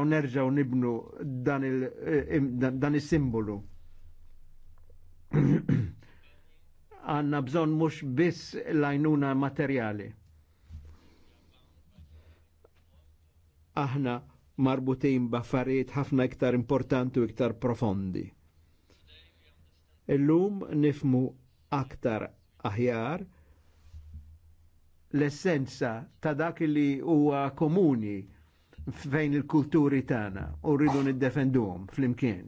u nerġaw nibnu dan eh, il-simbolu. Għanna bżon mux biss lajnuna materjali. Aħna marbutin baffariet ħafna iktar importanti u iktar profondi. Illum nifmu aktar aħjar l-essenza ta' dak li huwa komuni fejn il-kulturi tagħna u rridu niddefenduhom flimkien.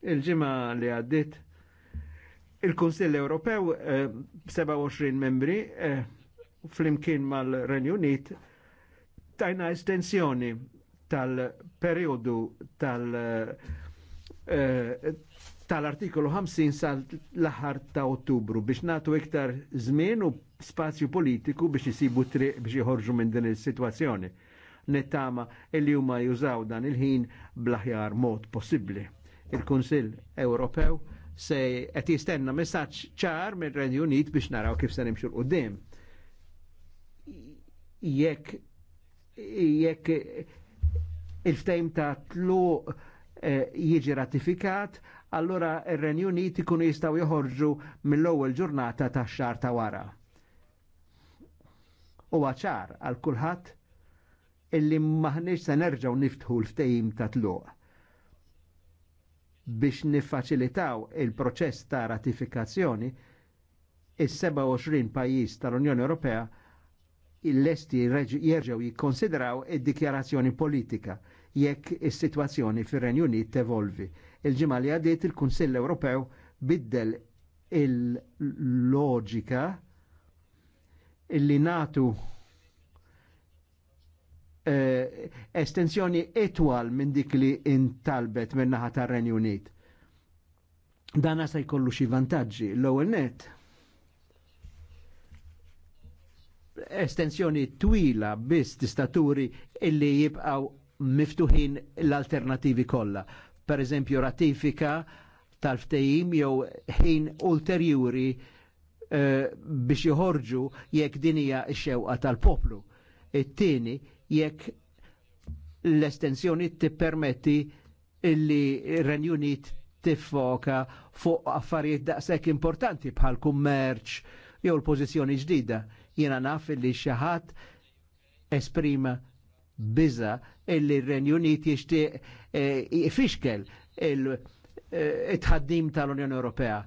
Il-ġimgħa li għaddit il-Kunsill Ewropew eh, 27 membri eh, flimkien mal-Renju Unit tajna estensjoni tal-periodu tal-, eh, tal-artikolu 50 sal-laħar ta' ottubru biex natu iktar żmien u spazju politiku biex jisibu triq biex jħorġu minn din il-situazzjoni. nettama li huma jużaw dan il-ħin blaħjar mod possibbli. Il-Kunsill Ewropew se qed jistenna messaġġ ċar mir-Renju Unit biex naraw kif se nimxu l-qudiem. Jekk jekk il-ftejm ta' tlu eh, jiġi ratifikat, allora ir-Renju Unit ikunu jistgħu joħorġu mill-ewwel ġurnata tax-xahar ta' wara. U ċar għal kulħadd illi maħniex se nerġgħu niftħu l-ftehim ta' tluq biex niffaċilitaw il-proċess ta' ratifikazzjoni is-27 pajjiż tal-Unjoni Ewropea il-lesti jerġgħu jikkonsidraw id-dikjarazzjoni politika jekk is-sitwazzjoni fir-Renju Unit tevolvi. Il-ġimgħa li il-Kunsill Ewropew biddel il-loġika illi natu eh, estensjoni etwal minn dik li intalbet minn naħa tar-Renju Unit. Dana se jkollu xi vantaġġi l-ewwel net. estensjoni twila biss tistaturi illi jibqaw miftuħin l-alternativi kollha. Per eżempju ratifika tal ftehim jew ħin ulterjuri eh, biex joħorġu jekk din hija x-xewqa tal-poplu. It-tieni jekk l-estensjoni tippermetti illi Renju Unit tiffoka fuq affarijiet daqshekk importanti bħal kummerċ jew l-pożizzjoni ġdida. Jiena naf illi xi ħadd esprima biża illi r-Renju Unit jixtieq ifixkel eh, il-tħaddim eh, tal-Unjoni Ewropea.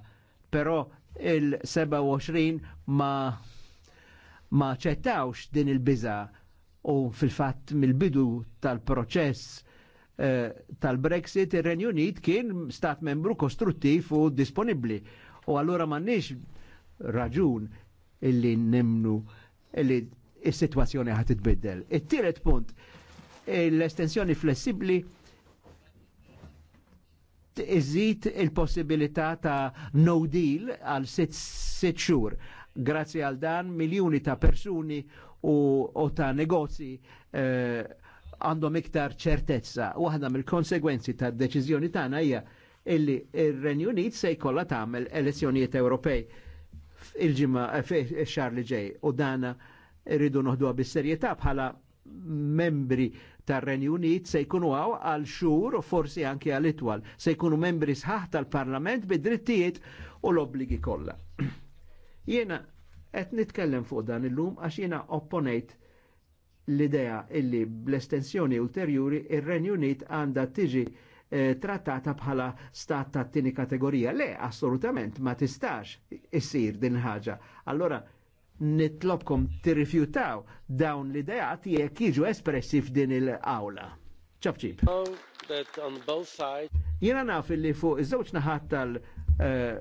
Però il-27 ma ma ċettawx din il biza u fil-fatt mill-bidu tal-proċess eh, tal-Brexit ir-Renju Unit kien stat membru kostruttiv u disponibbli. U allura m'għandniex raġun illi nimnu illi is-sitwazzjoni ħad titbiddel. it tiret punt, l-estensjoni flessibbli iżid il-possibilità ta' no deal għal sitt xhur. Grazzi għal dan miljuni ta' persuni u, ta' negozji eh, għandhom iktar ċertezza. Waħda mill-konsegwenzi ta' deċiżjoni tagħna hija illi ir-Renju Unit se jkollha tagħmel elezzjonijiet Ewropej il-ġimgħa xar li ġej u dana irridu noħduha bis-serjetà bħala membri tar-Renju Unit se jkunu għaw għal xhur u forsi anki għal itwal, se jkunu membri sħaħ tal-Parlament bid-drittijiet u l-obbligi kollha. jiena qed nitkellem fuq dan illum għax jiena opponejt l-idea illi bl-estensjoni ulterjuri ir-Renju Unit għandha tiġi eh, trattata bħala stat ta' tini kategorija. Le, assolutament, ma tistax issir din ħaġa. Allora, nitlobkom tirrifjutaw dawn l-idejat jekk jiġu espressi f'din il-awla. ċabċib. Jena naf li fuq iż-żewġ naħat tal- eh,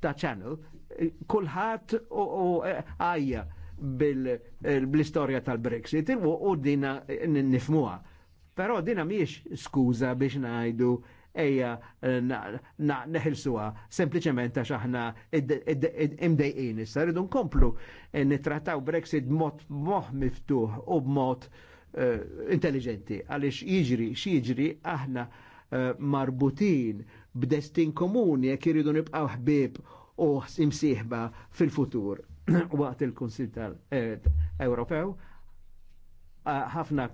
ta' channel, eh, kulħadd u eh, għajja bil istoria tal-Brexit u dina nifmuha. Però dina miex skuza biex najdu ejja eh, neħilsuha sempliċement għax aħna imdejqin issa rridu nkomplu eh, nittrattaw Brexit b'mod moħ miftuħ u b'mod eh, intelligenti għaliex jiġri jiġri aħna marbutin b'destin komuni jekk iridu nibqgħu ħbieb u imsieħba fil-futur waqt il-Kunsil tal-Ewropew ħafna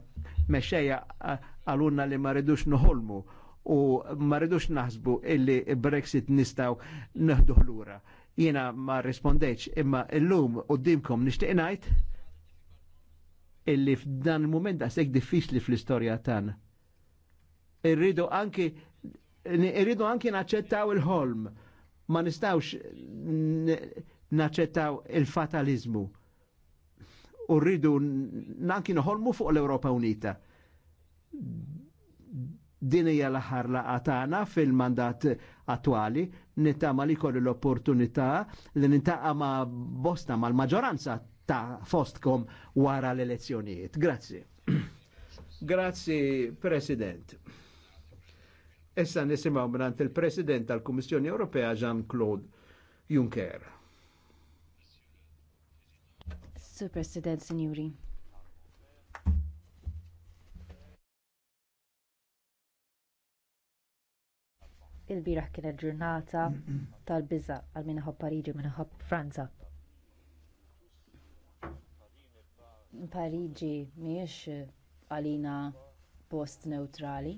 mexxejja għalunna li ma rridux noħolmu u ma rridux naħsbu illi Brexit nistaw neħduh lura. Jiena ma rispondeċ imma illum u dimkom nishtiqnajt ngħid illi f'dan il-moment daqshekk diffiċli fl-istorja tan. Irridu anki irridu anki naċċettaw il-ħolm. Ma nistawx naċċettaw il-fatalizmu. U rridu anki nħolmu fuq l-Ewropa Unita din hija l-aħħar laqgħa tagħna fil-mandat attwali, nittama li kollu l-opportunità li nintaqa' ma' bosta mal-maġġoranza ta' fostkom wara l-elezzjonijiet. Grazzi. Grazzi, President. Issa nisimgħu mrant il-President tal-Kummissjoni Ewropea Jean-Claude Juncker. Sir President, Signori. il-biraħ kienet ġurnata tal-biża għal minħob Pariġi minħabba Franza. Pariġi mhijiex għalina post neutrali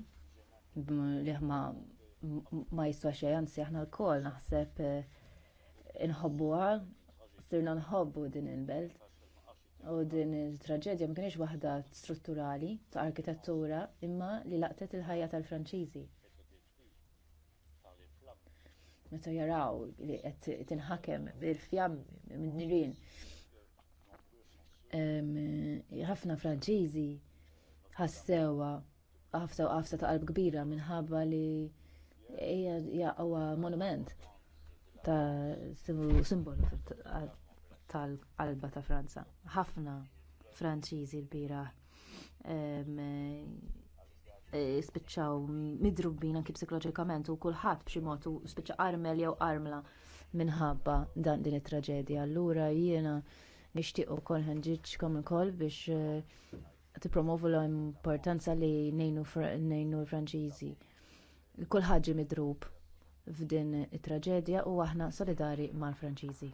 li ma ma jiswa xejn, anzi aħna lkoll naħseb eh, inħobbuha, sirna nħobbu din il-belt. U din il-traġedja ma waħda strutturali ta' arkitettura imma li laqtet il-ħajja tal-Franċiżi meta jaraw li qed tinħakem bil-fjam minn nirien. Ħafna Franċiżi ħassewa ħafsa ħafsa ta' qalb kbira minħabba li hija huwa monument ta' simbolu tal-qalba ta' Franza. Ħafna Franċiżi l-bira E, spiċċaw midrubbin anki psikoloġikament u kulħadd b'xi mod u spiċċa armel jew armla minħabba dan din it-traġedja. Allura jiena nixtieq ukoll kom ukoll biex e, tippromovu l-importanza li nejnu l-Franċiżi. Kulħadd ġie midrub f'din it-traġedja u aħna solidari mal-Franċiżi.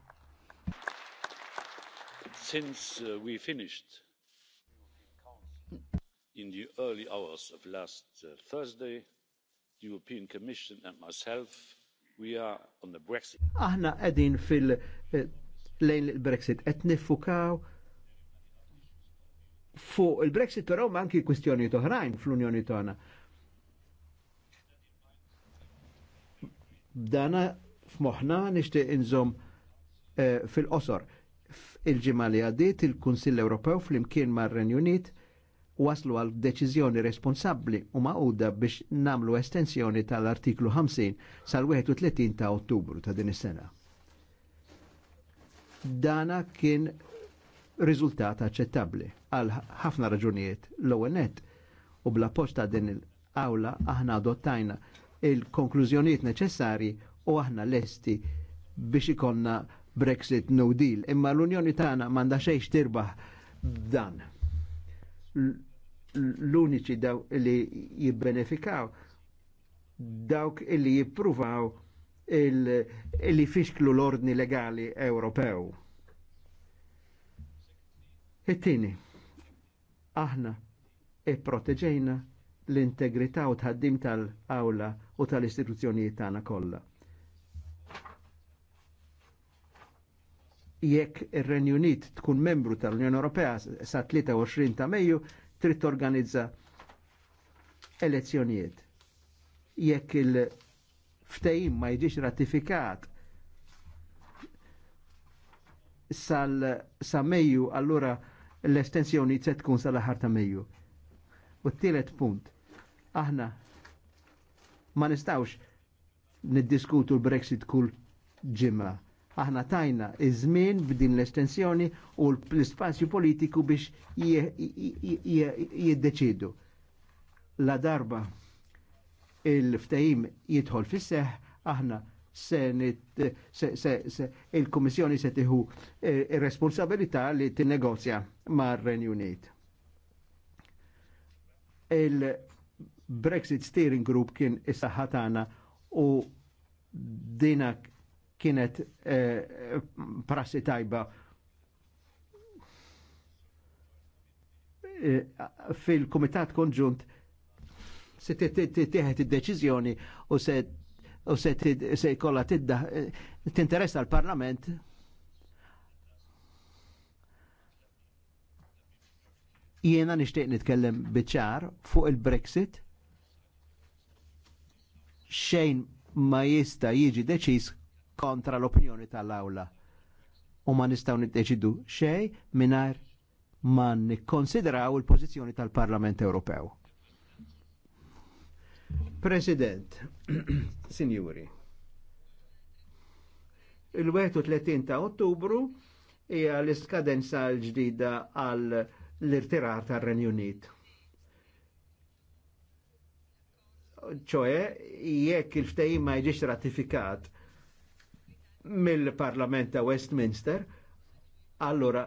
Since uh, we finished in the early hours of last uh, thursday the european commission and myself we are on the brexit. aħna qegħdin fil eh, lejn il-brexit qed nifukaw fuq il-brexit però ma anki kwistjonijiet oħrajn fl-Unjoni tagħna. Dana f'moħħna nixtieq inżom eh, fil-qosor. il ġimali għaddit il-Kunsill Ewropew flimkien mar-Renju Unit waslu għal deċiżjoni responsabbli u maquda biex namlu estensjoni tal-artiklu 50 sal-31 ta' Ottubru ta' din is-sena. Dana kien riżultat aċċettabbli għal ħafna raġunijiet l-ewwel net u bla posta din il-awla aħna adottajna il-konklużjonijiet neċessari u aħna lesti biex ikonna Brexit no deal imma l-Unjoni tagħna m'għandha xejn tirbaħ dan l-uniċi daw li jibbenefikaw dawk illi jippruvaw li fisklu l-ordni legali Ewropew. it aħna e proteġejna l-integrità u tħaddim tal-awla u tal-istituzzjonijiet tagħna kollha. jekk ir-Renju Unit tkun membru tal-Unjoni Ewropea sa 23 ta' Mejju trid torganizza elezzjonijiet. Jekk il-ftehim ma jiġix ratifikat sal sa Mejju allura l-estensjoni se tkun sal-aħħar ta' Mejju. U t-tielet punt, aħna ma nistawx niddiskutu l-Brexit kull ġimma Aħna tajna iż-żmien b'din l-estensjoni u l-ispazju politiku biex jiddeċidu. La darba il-ftajim jidħol fis-seħ, aħna se, se, se, il-Kummissjoni se tiħu eh, responsabilità li tinnegozja mar-Renju Unit. Il-Brexit Steering Group kien is-saħħatana u dinak kienet eh, prassi tajba eh, fil-Kumitat Konġunt se teħet id-deċizjoni u se u se jkollha eh, tinteressa l-Parlament jiena nixtieq nitkellem biċar fuq il-Brexit xejn ma jista' jiġi deċiż kontra l-opinjoni tal-awla. U ma nistaw niddeċidu xej minar ma nikkonsideraw il-pożizzjoni tal-Parlament Ewropew. President, Sinjuri, il-31 ta' Ottubru hija l-iskadenza l-ġdida għal l-irtirar tar-Renju Unit. ċoħe, jekk il-ftehim ma jġiex ratifikat, mill-Parlament ta' Westminster, allora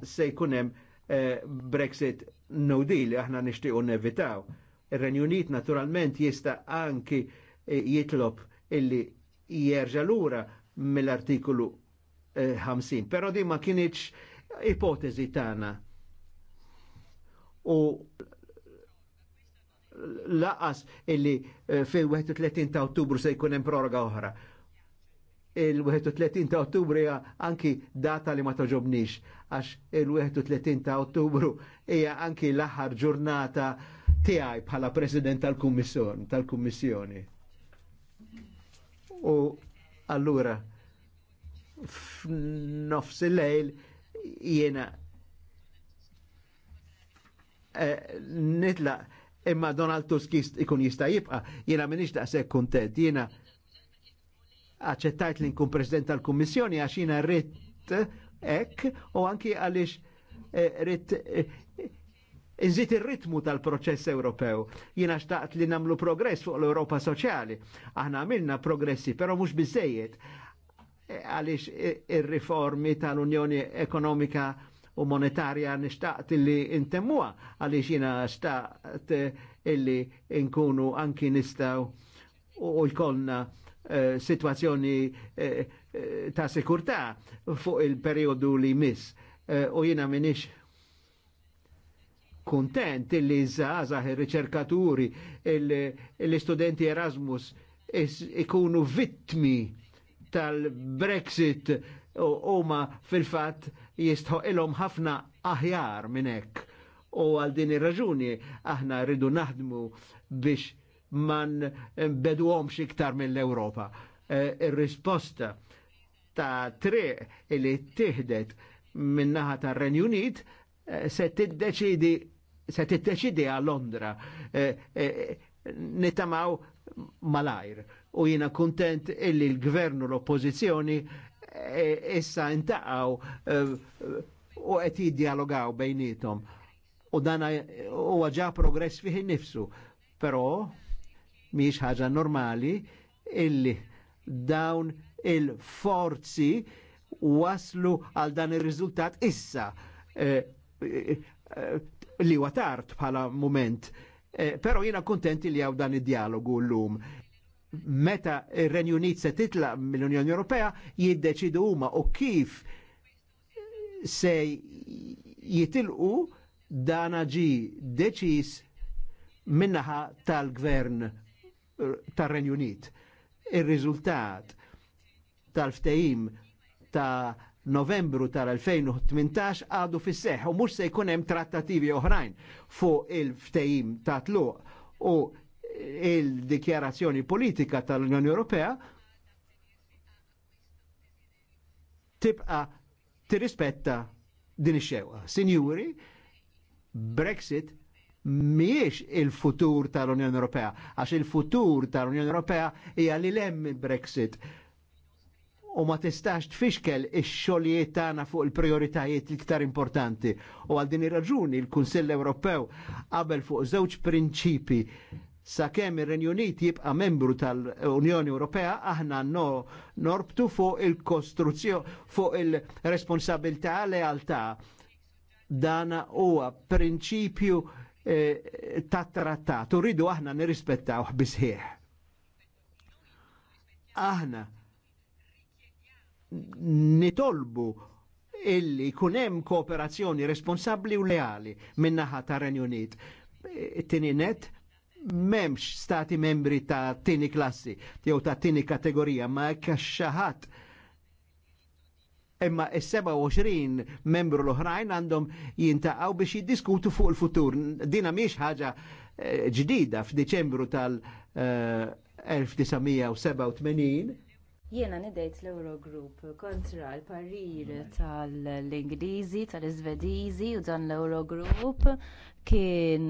se jkun hemm eh, Brexit no deal aħna nixtiequ nevitaw. Ir-Renju Unit naturalment jista' anki eh, jitlob illi jerġa' lura mill-artikolu eh, 50, però di ma kienieċ ipotezi tagħna. U laqas illi eh, fil-31 ta' Ottubru se jkun hemm proroga oħra il-31 ta' ottubru hija anki data li ma toġobnix, għax il-31 ta' ottubru hija anki l-aħħar ġurnata tiegħi bħala President tal-Kummissjoni. Tal-Kummissjoni. U allura f'nofs il-lejl jiena eh, nitla imma Donald Tusk ikun jista' jibqa' jiena m'iniex daqshekk kuntent, jiena aċċettajt li nkun President tal-Kummissjoni għax jiena rrit ek u anki għaliex eh, rrit Inżit eh, ir-ritmu tal-proċess Ewropew. Jiena xtaqt li namlu progress fuq l-Europa Soċjali. Aħna għamilna progressi, però mhux biżejjed eh, għaliex ir-riformi tal-Unjoni Ekonomika u monetarja nishtaqt illi intemmuha għaliex jiena xtaqt illi nkunu anki nistaw u jkollna Eh, situazzjoni eh, eh, ta' sikurtà fuq il-periodu li miss. U jina minix kontent illi zazah il-riċerkaturi, il-studenti Erasmus ikunu vittmi tal-Brexit u ma fil-fatt jistħu ilhom ħafna aħjar minnek. U għal din ir-raġuni aħna rridu naħdmu biex man eh, bedwomx iktar mill-Europa. Eh, il risposta ta' triq li t-tihdet minnaħa ta' Renjunit eh, se t se tiddeċidi a Londra nitamaw malajr u jina kontent illi l-gvernu l-oppozizjoni issa intaqaw u qed jiddialogaw bejnietom u dana huwa ġa progress fih nifsu però miex ħaġa normali illi dawn il-forzi waslu għal dan ir-riżultat issa eh, eh, li huwa tard bħala moment. Pero eh, Però jiena kuntenti li għaw dan il dialogu llum meta il renju Unit se titla mill-Unjoni Ewropea jiddeċidu huma u kif se jitilqu dan ġi deċis minnaħa tal-gvern tar Unit. Ir-riżultat tal-ftehim ta' novembru tal-2018 għadu fis seħħ u mux se jkun hemm trattativi oħrajn fuq il-ftehim ta' tluq u il-dikjarazzjoni politika tal-Unjoni Ewropea tibqa tirrispetta din ix xewa Sinjuri, Brexit miex il-futur tal-Unjoni Ewropea, għax il-futur tal-Unjoni Ewropea hija li lem il-Brexit u ma tistax tfixkel ix-xogħlijiet tagħna fuq il-prioritajiet l-iktar importanti. U għal din ir-raġuni l-Kunsill Ewropew qabel fuq żewġ prinċipi sakemm ir-Renju Unit jibqa' membru tal-Unjoni Ewropea aħna no, norbtu fuq il-kostruzzjoni fuq il-responsabilità lealtà. Dana huwa prinċipju E, ta' trattat, rridu aħna nirrispettaw bisħieħ. Aħna nitolbu illi kunem kooperazzjoni responsabli u leali minnaħa ta' Renjonit. E, net memx stati membri ta' tini klassi, jew ta' tini kategorija, ma' kaxxaħat imma is-27 membru l-oħrajn għandhom jintaqgħu biex jiddiskutu fuq il-futur. Dina miex ħaġa eh, ġdida f'Diċembru tal-1987. Eh, Jiena nidejt l-Eurogroup kontra l-parir tal-Ingliżi, tal-Iżvediżi u dan l-Eurogroup kien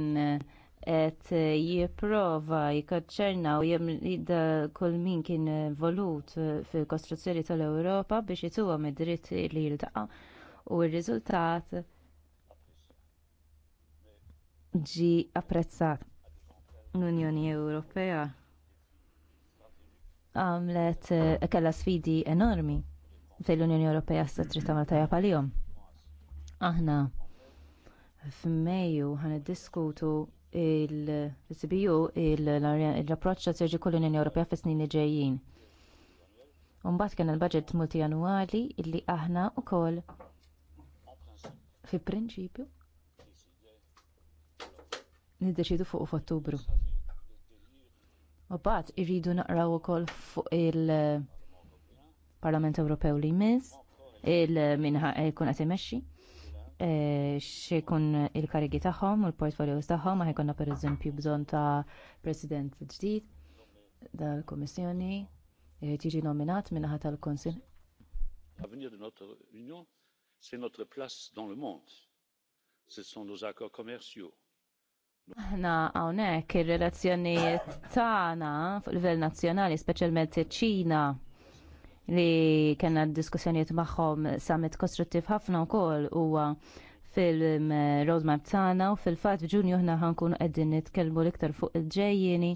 et jiprova jikaċċerna u jemlida kull min kien volut fil-kostruzzjoni tal-Europa biex jituwa mid-dritt li jiltaqa u r-riżultat ġi apprezzat l-Unjoni Ewropea għamlet kella sfidi enormi fil-Unjoni Ewropea s dritt tamal tajja palihom. Aħna f'Mejju ħan diskutu il-CBU il approċċ serġi kollu l-Unjoni Ewropea fis-snin li ġejjin. Umbat kien il-budget multijanwali illi aħna wkoll fi prinċipju niddeċidu fuq f'Ottubru. U bat irridu naqraw ukoll fuq il-Parlament Ewropew li jmiss, il-minħa kun qed Eh, xikun il-karigi tagħhom u l-portfolios tagħhom, ma per pereżempju bżonn ta' president ġdid dal-Kummissjoni tiġi nominat minn ħadd tal L-avenir de notre Union, c'est notre place dans le monde. Ce sont nos accords commerciaux. Aħna hawnhekk ir-relazzjonijiet tagħna fuq livell nazzjonali, speċjalment ċ-Ċina li kena diskussjoniet maħħom summit kostruttiv ħafna eh, u koll u fil-roadmap tana u fil-fat ġunju ħna ħankun għeddin nitkelmu liktar fuq il-ġejjini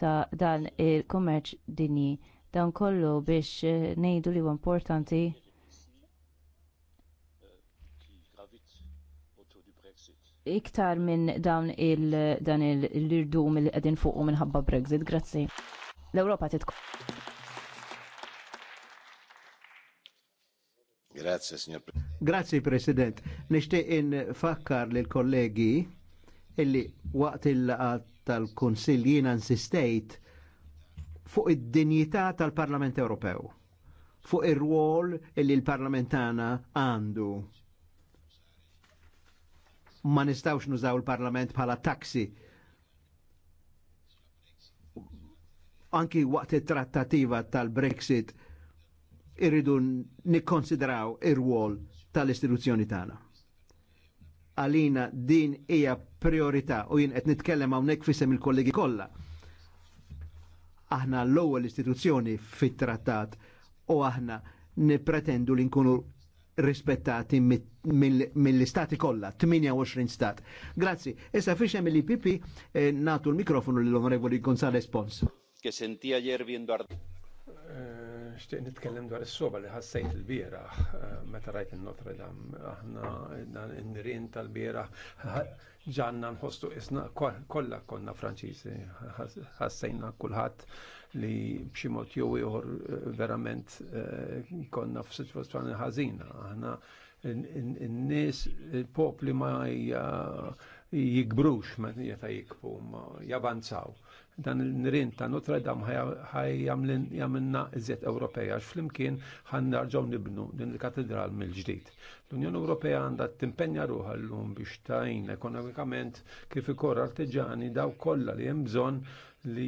ta' dan il-kommerċ dinji. Dan kollu biex eh, nejdu li importanti iktar minn dawn il-dan il-irdum il-qedin fuqu minħabba Brexit. Grazzi. L-Europa titkom. Grazie, signor Presidente. Grazie, President. Nishtiq infakkar lil kollegi illi waqt il-laqat tal-Konsil jiena insistejt fuq id-dinjità tal-Parlament Ewropew, fuq ir-rwol illi l-parlamentana għandu. Ma nistawx nużaw l parlament bħala taksi. Anki waqt it-trattativa tal-Brexit, irridu nikkonsidraw ir-wol tal-istituzzjoni tagħna. Għalina din hija priorità u jien qed nitkellem hawnhekk fisem il-kollegi kollha. Aħna l-ewwel istituzzjoni fit-trattat u aħna nipretendu li nkunu rispettati mill-istati kollha, 28 stat. Grazzi. Issa fiex hemm l-IPP eh, natu l-mikrofonu lill-Onorevoli Gonzales Pons. Che sentì ieri viendo Eh, xtiq nitkellem dwar is-soba li ħassejt il-bieraħ eh, meta rajt il-Notre Dame. Aħna dan in-nirien tal-bieraħ ġanna nħostu isna kollha konna Franċiżi. Ħassejna kulħadd li b'xi mod jew ieħor eh, verament konna f'sitwazzjoni ħażina. Aħna n-nies il-popli ma jikbrux meta jikbu, ma javanzaw dan il-nirin ta' Notre Dame jamlinna iżjed Ewropea għax flimkien ħan narġaw nibnu din il-katedral mill-ġdid. L-Unjoni Ewropea għandha timpenja ruħa llum biex tajn ekonomikament kif ikor artiġani daw kollha li hemm bżonn li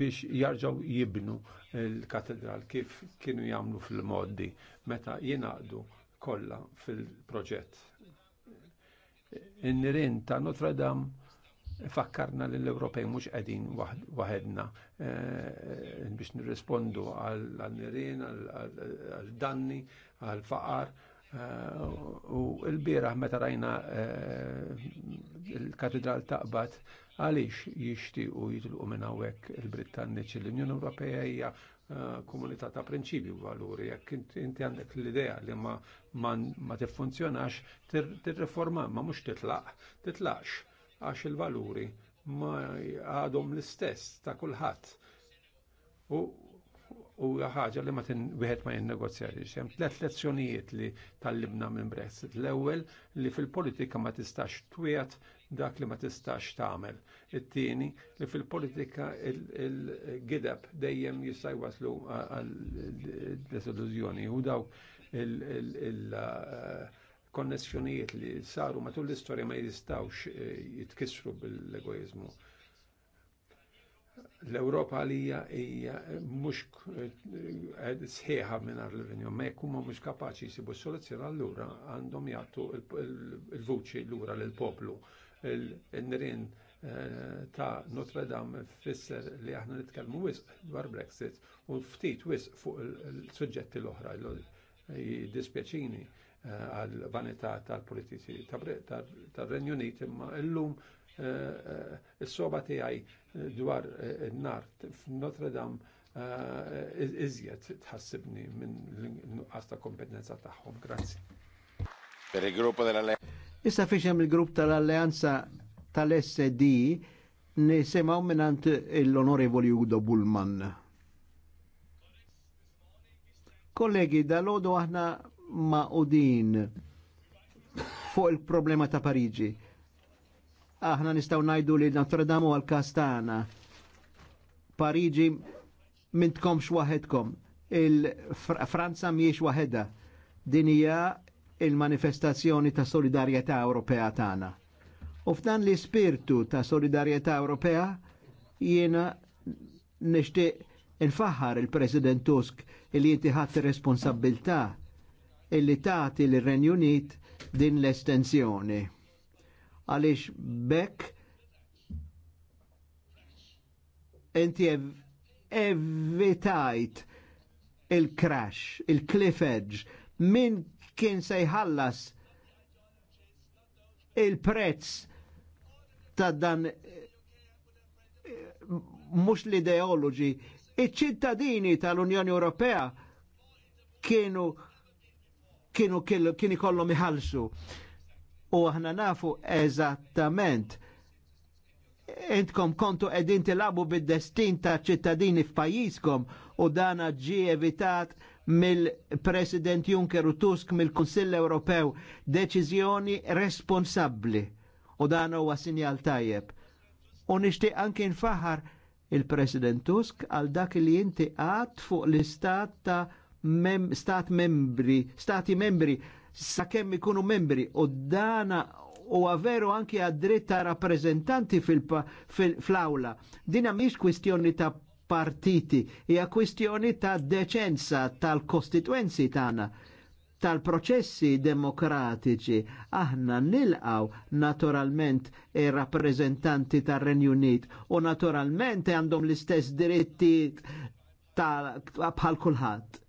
biex jarġaw jibnu il-katedral kif kienu jagħmlu fil-moddi meta jenaqdu kollha fil-proġett. in nirin ta' Notre Dame fakkarna li l-Ewropej mhux qegħdin waħedna eh, eh, biex nirrispondu għal-nirien, għal-danni, għal-faqar. Eh, u l-bieraħ meta rajna l katedral taqbad għaliex jixtiequ jitilqu minn hawnhekk il-Brittanniċi l-Unjoni Ewropea hija komunità ta' prinċipju u valuri. Jekk inti għandek l-idea li ma tiffunzjonax, tirriforma, ma mhux titlaq, titlaqx għax il-valuri ma għadhom l-istess ta' kulħadd. U u ħaġa li ma tin wieħed ma jinnegozjari hemm tliet lezzjonijiet li tal-libna minn Brexit. L-ewwel li fil-politika ma tistax twiet dak li ma tistax tagħmel. It-tieni li fil-politika il-gideb dejjem jista' jwaslu għal desillużjoni u daw il- konnessjonijiet li saru matul l-istorja ma jistawx eh, jitkissru bil-egoizmu. L-Europa għalija hija mhux eh, eh, sħiħa mingħajr l-Renju, ma jekk huma mhux kapaċi jsibu s soluzzjoni allura għandhom jagħtu il-vuċi lura lil poplu. Il-nirien ta' Notre Dame fisser li aħna nitkellmu wisq dwar Brexit u ftit wisq fuq il-suġġetti l-oħra dispjaċini Eh, għal-vanità tal-politiċi tal-Renju Unit imma illum eh, eh, is-soba tiegħi dwar in-nar f'Notre Dame iżjed tħassibni minn l inqas ta' kompetenza tagħhom. Grazzi. Per il-gruppo dell'Alleanza. Issa fiċem il-grupp tal-Alleanza tal-SD nisimaw minnant l-onorevoli Udo Bullman. Kollegi, dal-ħodu aħna ma' udin fuq il-problema ta' Pariġi. Aħna nistaw najdu li Notre Dame għal kastana. Pariġi mintkomx waħedkom. Il-Franza miex waħedha. Dinija il-manifestazzjoni ta' solidarjetà Ewropea tagħna. U f'dan li spirtu ta' solidarjetà Ewropea jiena nixtieq infaħħar il-President Tusk li jinti ħadd responsabilità illi taħti lir renjunit din l-estensjoni. Għalix bekk inti evitajt il-crash, il-cliff edge, min kien se jħallas il-prezz ta' dan mux l-ideologi, iċ-ċittadini tal-Unjoni Ewropea kienu kienu kien ikollhom iħallsu. U aħna nafu eżattament entkom kontu edin tilabu bid-destin ta' ċittadini f'pajjiżkom u dana ġi evitat mill-President Juncker u Tusk mill-Kunsill Ewropew deċiżjoni responsabbli u dan huwa sinjal tajjeb. U nixtieq anke nfaħar il-President Tusk għal dak li inti għad fuq l-istat ta' mem, stat membri, stati membri, sakemm ikunu membri u dana u averu anki għadretta dritta rappresentanti fil flawla Fil Dina miex kwistjoni ta' partiti, hija kwistjoni ta' decenza tal-kostituenzi tana. tal-proċessi demokratiċi. Aħna nilqaw naturalment rappresentanti rappreżentanti tar-Renju Unit u naturalment għandhom l-istess diritti bħal kulħadd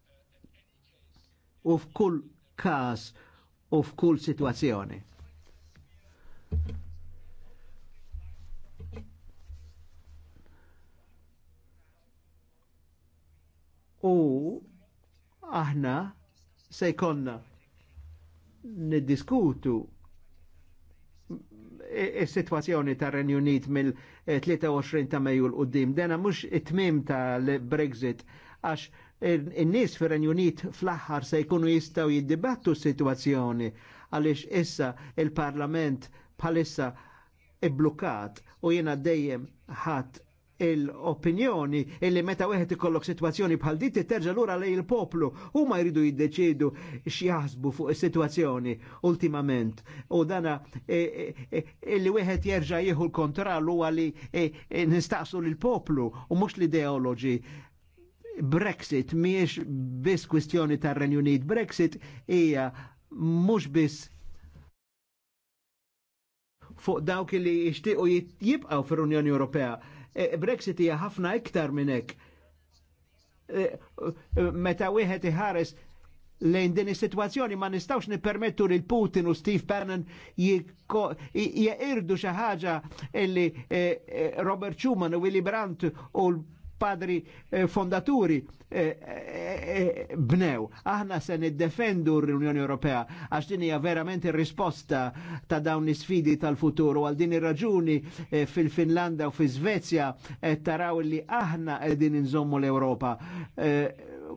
u f'kull każ u f'kull sitwazzjoni. U aħna se jkollna niddiskutu il-situazzjoni ta' Renju Unit mill-23 ta' Mejju l-qoddim. Dena mux it-tmim ta' brexit għax in-nies fir-Renju Unit fl-aħħar se jkunu jistgħu jiddibattu s-sitwazzjoni għaliex issa il-Parlament bħalissa ibblukkat u jiena dejjem ħadd il-opinjoni illi meta wieħed ikollok sitwazzjoni bħal dit terġa' lura lej il-poplu huma jridu jiddeċidu x'jaħsbu fuq is-sitwazzjoni ultimament. U dana e, e, e, illi wieħed jerġa' jieħu l-kontroll huwa li nistaqsu lill poplu u mhux l-ideoloġi Brexit miex bis kwistjoni tar renju Unit, Brexit hija mhux biss fuq dawk li jixtiequ jibqgħu fir-Unjoni Ewropea. E, Brexit hija ħafna iktar minn hekk. E, e, meta wieħed iħares lejn din is-sitwazzjoni ma nistawx nippermettu lil Putin u Steve Bannon jirdu xi ħaġa illi Robert Schuman u Willy Brandt u padri eh, fondaturi eh, eh, bnew. Aħna se niddefendu l-Unjoni Ewropea għax din hija verament ir-risposta ta' dawn is sfidi tal-futur u għal din ir-raġuni fil-Finlanda u fil-Svezja taraw li aħna qegħdin inżommu l-Ewropa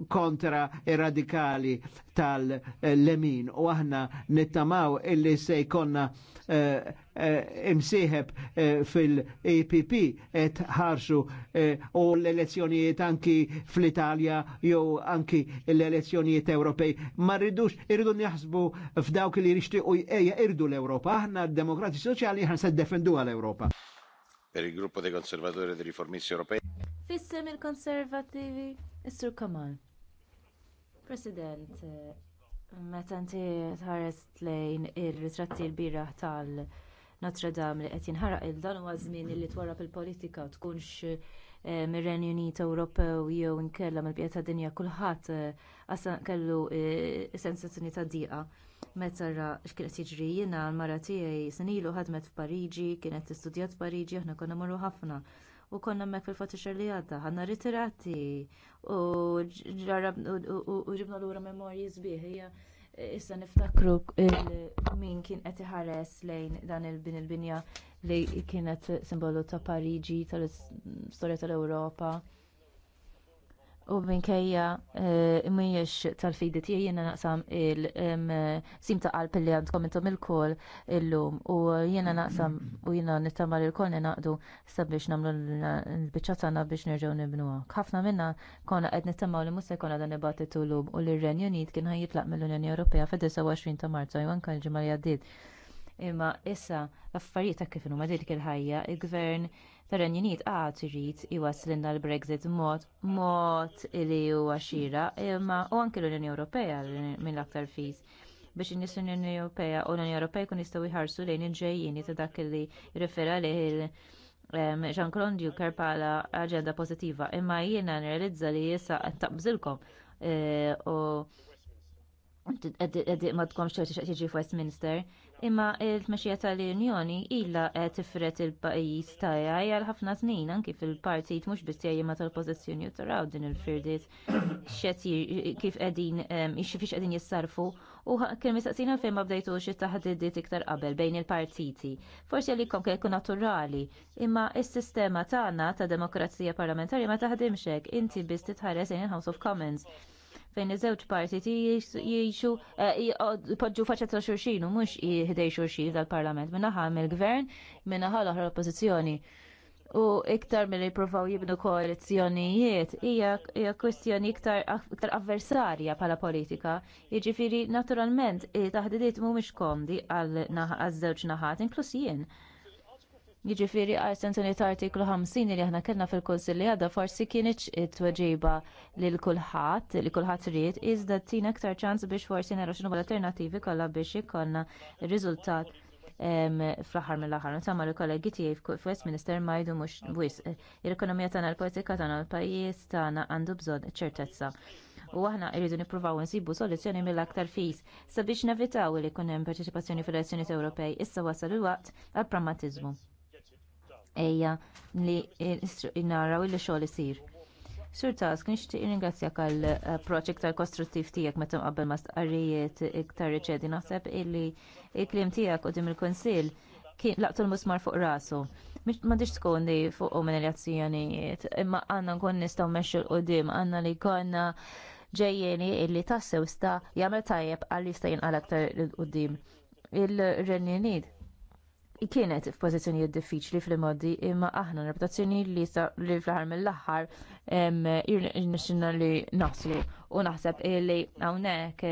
kontra radikali tal-lemin u aħna nittamaw illi se jkonna eh, eh, imsieħeb eh, fil-EPP et ħarsu u l-elezzjonijiet anki fl-Italja jew anki l-elezzjonijiet Ewropej. Ma rridux, irridu njaħsbu f'dawk li rixti u irdu l-Europa. Aħna d-demokrati soċjali ħan se defendu għal-Europa. Per il gruppo dei conservatori e dei riformisti europei. Fissem il-konservativi, Mr. Kamal. President, meta inti tħares lejn ir-ritratti l bieraħ tal- Notre Dame li qed jinħaraq il dan huwa żmien li twara fil politika tkunx eh, mir-Renju Unit Ewropew jew inkella mill ta' dinja kulħadd eh, kellu eh, sensazzjoni ta' diqa meta ra x'kien qed jiġri jiena l-mara tiegħi snilu ħadmet f'Pariġi, kienet tistudjat f'Pariġi, aħna konna morru ħafna u konna mek fil-fatixer li għadda, ħanna ritirati u ġibna l-ura memorji zbiħ, e, issa niftakru min kien qed iħares lejn dan il-bin il-binja li kienet simbolu ta' Pariġi, tal-istorja tal-Ewropa u minkejja eh, mhijiex tal-fidi tiegħi jiena naqsam il-sim ta' qalb li għandkom intom il-kol illum u jiena naqsam u jiena nittamar il-kol naqdu sabiex nagħmlu l bicċa tagħna biex nerġgħu nibnuha. Ħafna minna konna qed nittamaw li musa jkollna dan ibattitu llum u li r-Renju Unit kien ħajjitlaq mill-Unjoni Ewropea fid-29 ta' Marzu u anke l-ġimgħa li għaddiet. Imma issa l-affarijiet ta' kif huma dik il-ħajja, il-gvern tar-Renju Unit għad irid iwaslinna l-Brexit mod mod li huwa xira imma u anke l-Unjoni Ewropea mill-aktar fis biex in-nies l-Unjoni Ewropea u l-Unjoni Ewropea jkun jistgħu jħarsu lejn il-ġejjini ta' dak li jirrifera lih Jean-Claude Juncker bħala aġenda pożittiva, imma jiena nirrealizza li issa qed taqbżilkom eh, u ma tkomx ċerti jiġi f'Westminster, imma il-tmexija tal-Unjoni ilha qed tifret il-pajjiż tajaj għal ħafna snin anki fil-partit mhux biss ma tal-pożizzjoni taraw din il-firdiet x'qed kif qegħdin fiex qegħdin jissarfu u kien mistaqsina fejn ma bdejtu xi taħdidiet iktar qabel bejn il-partiti. Forsi għalikom kien ikun naturali, imma s-sistema tagħna ta' demokrazija parlamentarja ma taħdimx hekk, inti biss titħares il House of Commons fejn iż-żewġ partit jiexu eh, podġu faċċa ta' xurxin u mhux jihdej xurxin tal-Parlament minnaħa mill-Gvern minnaħa l-oħra oppożizzjoni. U iktar mill jippruvaw jibnu koalizzjonijiet hija kwestjoni iktar avversarja bħala politika. Jiġifieri naturalment taħdidiet mhumiex komdi għal żewġ naħat, inkluż jien. Jiġifieri għal-sensjoni artiklu 50 li aħna kellna fil-Kunsill li għadha forsi kienieċ it-tweġiba lil kulħadd li kulħadd izda iżda tina ktar ċans biex forsi nara x'inhu alternattivi kollha biex ikollna riżultat fl-aħħar mill-aħħar. Nsamma li kollegi tiegħi f'West Minister ma jdu mhux wis. Il-ekonomija tagħna l-politika tagħna l-pajjiż tagħna għandu bżonn ċertezza u aħna irridu nippruvaw nsibu soluzzjoni mill-aktar fis sabiex nevitaw li jkun hemm parċipazzjoni fil-elezzjonijiet Ewropej issa wasal il-waqt għall pragmatiżmu ejja li naraw il xogħol isir. Sur Task, nixtieq ringrazzjak għal eh, proġett iktar kostruttiv tiegħek meta qabel ma stqarrijiet iktar riċedi naħseb illi il-kliem tiegħek qudiem il-Kunsill kien laqtu l-musmar fuq rasu. Ma tkun li fuq u azzjonijiet, imma għandna nkun nistgħu meċu l-qudiem, għandna li konna ġejjeni illi tassew sta jagħmel tajjeb għalli sta jinqal aktar l qudim Il-Renju kienet f'pożizzjonijiet diffiċli fil-modi imma aħna reputazzjoni li li fl-aħħar mill-aħħar irnexxinna li naslu u naħseb li hawnhekk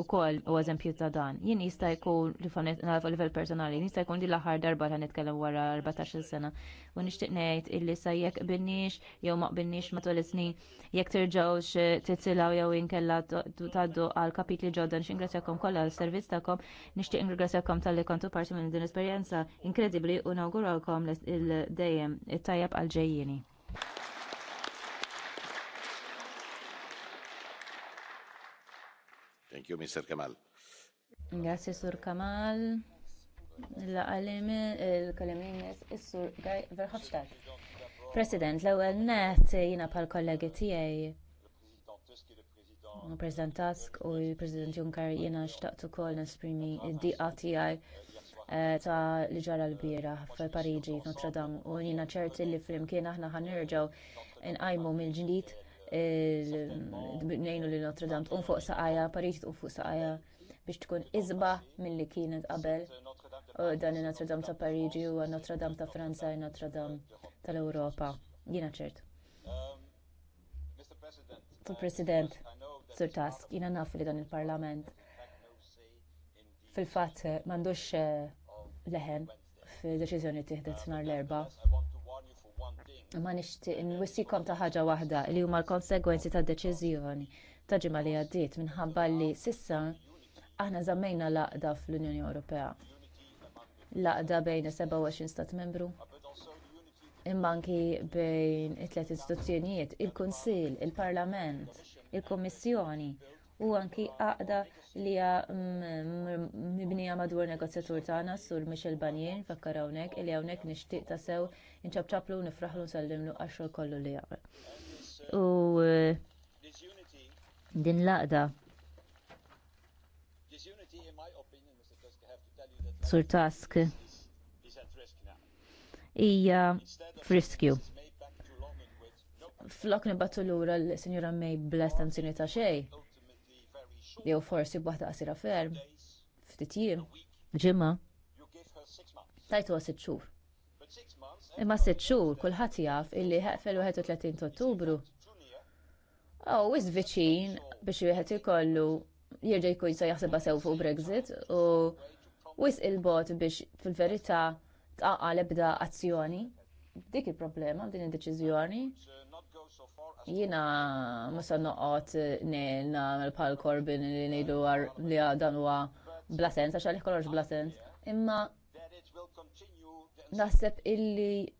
ukoll u eżempju ta' dan. Jien jista' jkun li fuq livell personali, jista' jkun di l-aħħar darba ta' nitkellem wara 14-il sena u nixtieq ngħid illi sa jekk binnix jew ma qbinnix matul is-snin jekk terġgħux titilgħu jew inkella tgħaddu għal kapitli ġodda nixingrazzjakom kollha għall-servizz tagħkom, nixtieq ingrazzjakom tal-li kontu parti minn din l-esperjenza esperienza inkredibli u nawguralkom il-dejjem it-tajjeb għal-ġejjini. Thank you, Mr. Kamal. Grazie, Sur Kamal. La għalimi il-kalimines, il-Sur Gaj Verhofstadt. President, l ewwel net jina pal-kollegi tijaj President Tusk u President Juncker jina xtaqtu kol nesprimi d drti Eh, ta' li ġara l-bira f'Pariġi, Notre Dame, u jiena ċerti li flimkien aħna ħanirġaw nqajmu mill-ġdid eh, nejnu li Notre Dame tqum fuq saqajja, Pariġi tqum fuq saqajja biex tkun izba mill-li kienet qabel dan il-Notre Dame ta' Pariġi u Notre Dame ta' Franza u Notre Dame tal-Europa. Jina ċert. Sur President, Sur Task, jina naf li dan il-Parlament fil-fat mandux eh, leħen f'deċiżjoni tieħdet nhar l-erba' ma nixtieq nwissikom ta' ħaġa waħda li huma l-konsegwenzi tad deċiżjoni ta' ġimgħa li għaddiet minħabba li sissa aħna żammejna laqda fl-Unjoni Ewropea. Laqda bejn 27 stat membru imma anki bejn it-tliet istituzzjonijiet, il-Kunsill, il-Parlament, il-Kummissjoni u anki għaqda li mibnija madwar negozjatur tana, sur Michel Banjien fakkar hawnhekk li hawnhekk nixtieq ta' sew inċabċablu nifraħlu nsallimlu, għaxol kollu li għar. U eh, din laqda Sur Task Ija friskju flok nibattu l-ura l-Sinjura May blessed tanzjoni ta' xej jew forsi b'waħda qasira ferm, ftit jiem, ġimgħa. Tajtu għas sitt xhur. Imma sitt xhur kulħadd jaf illi fil-31 ta' Ottubru. oh wis viċin biex wieħed ikollu jirġa' jkun se jaħseb sew fuq Brexit u wis il-bot biex fil-verità tqaqqa l-ebda azzjoni. Dik il-problema din id-deċiżjoni. Jina sa noqot eh, namel pal korbin li nejdu li dan huwa bla sens, għax għalih kolorx bla sens. Imma naħseb illi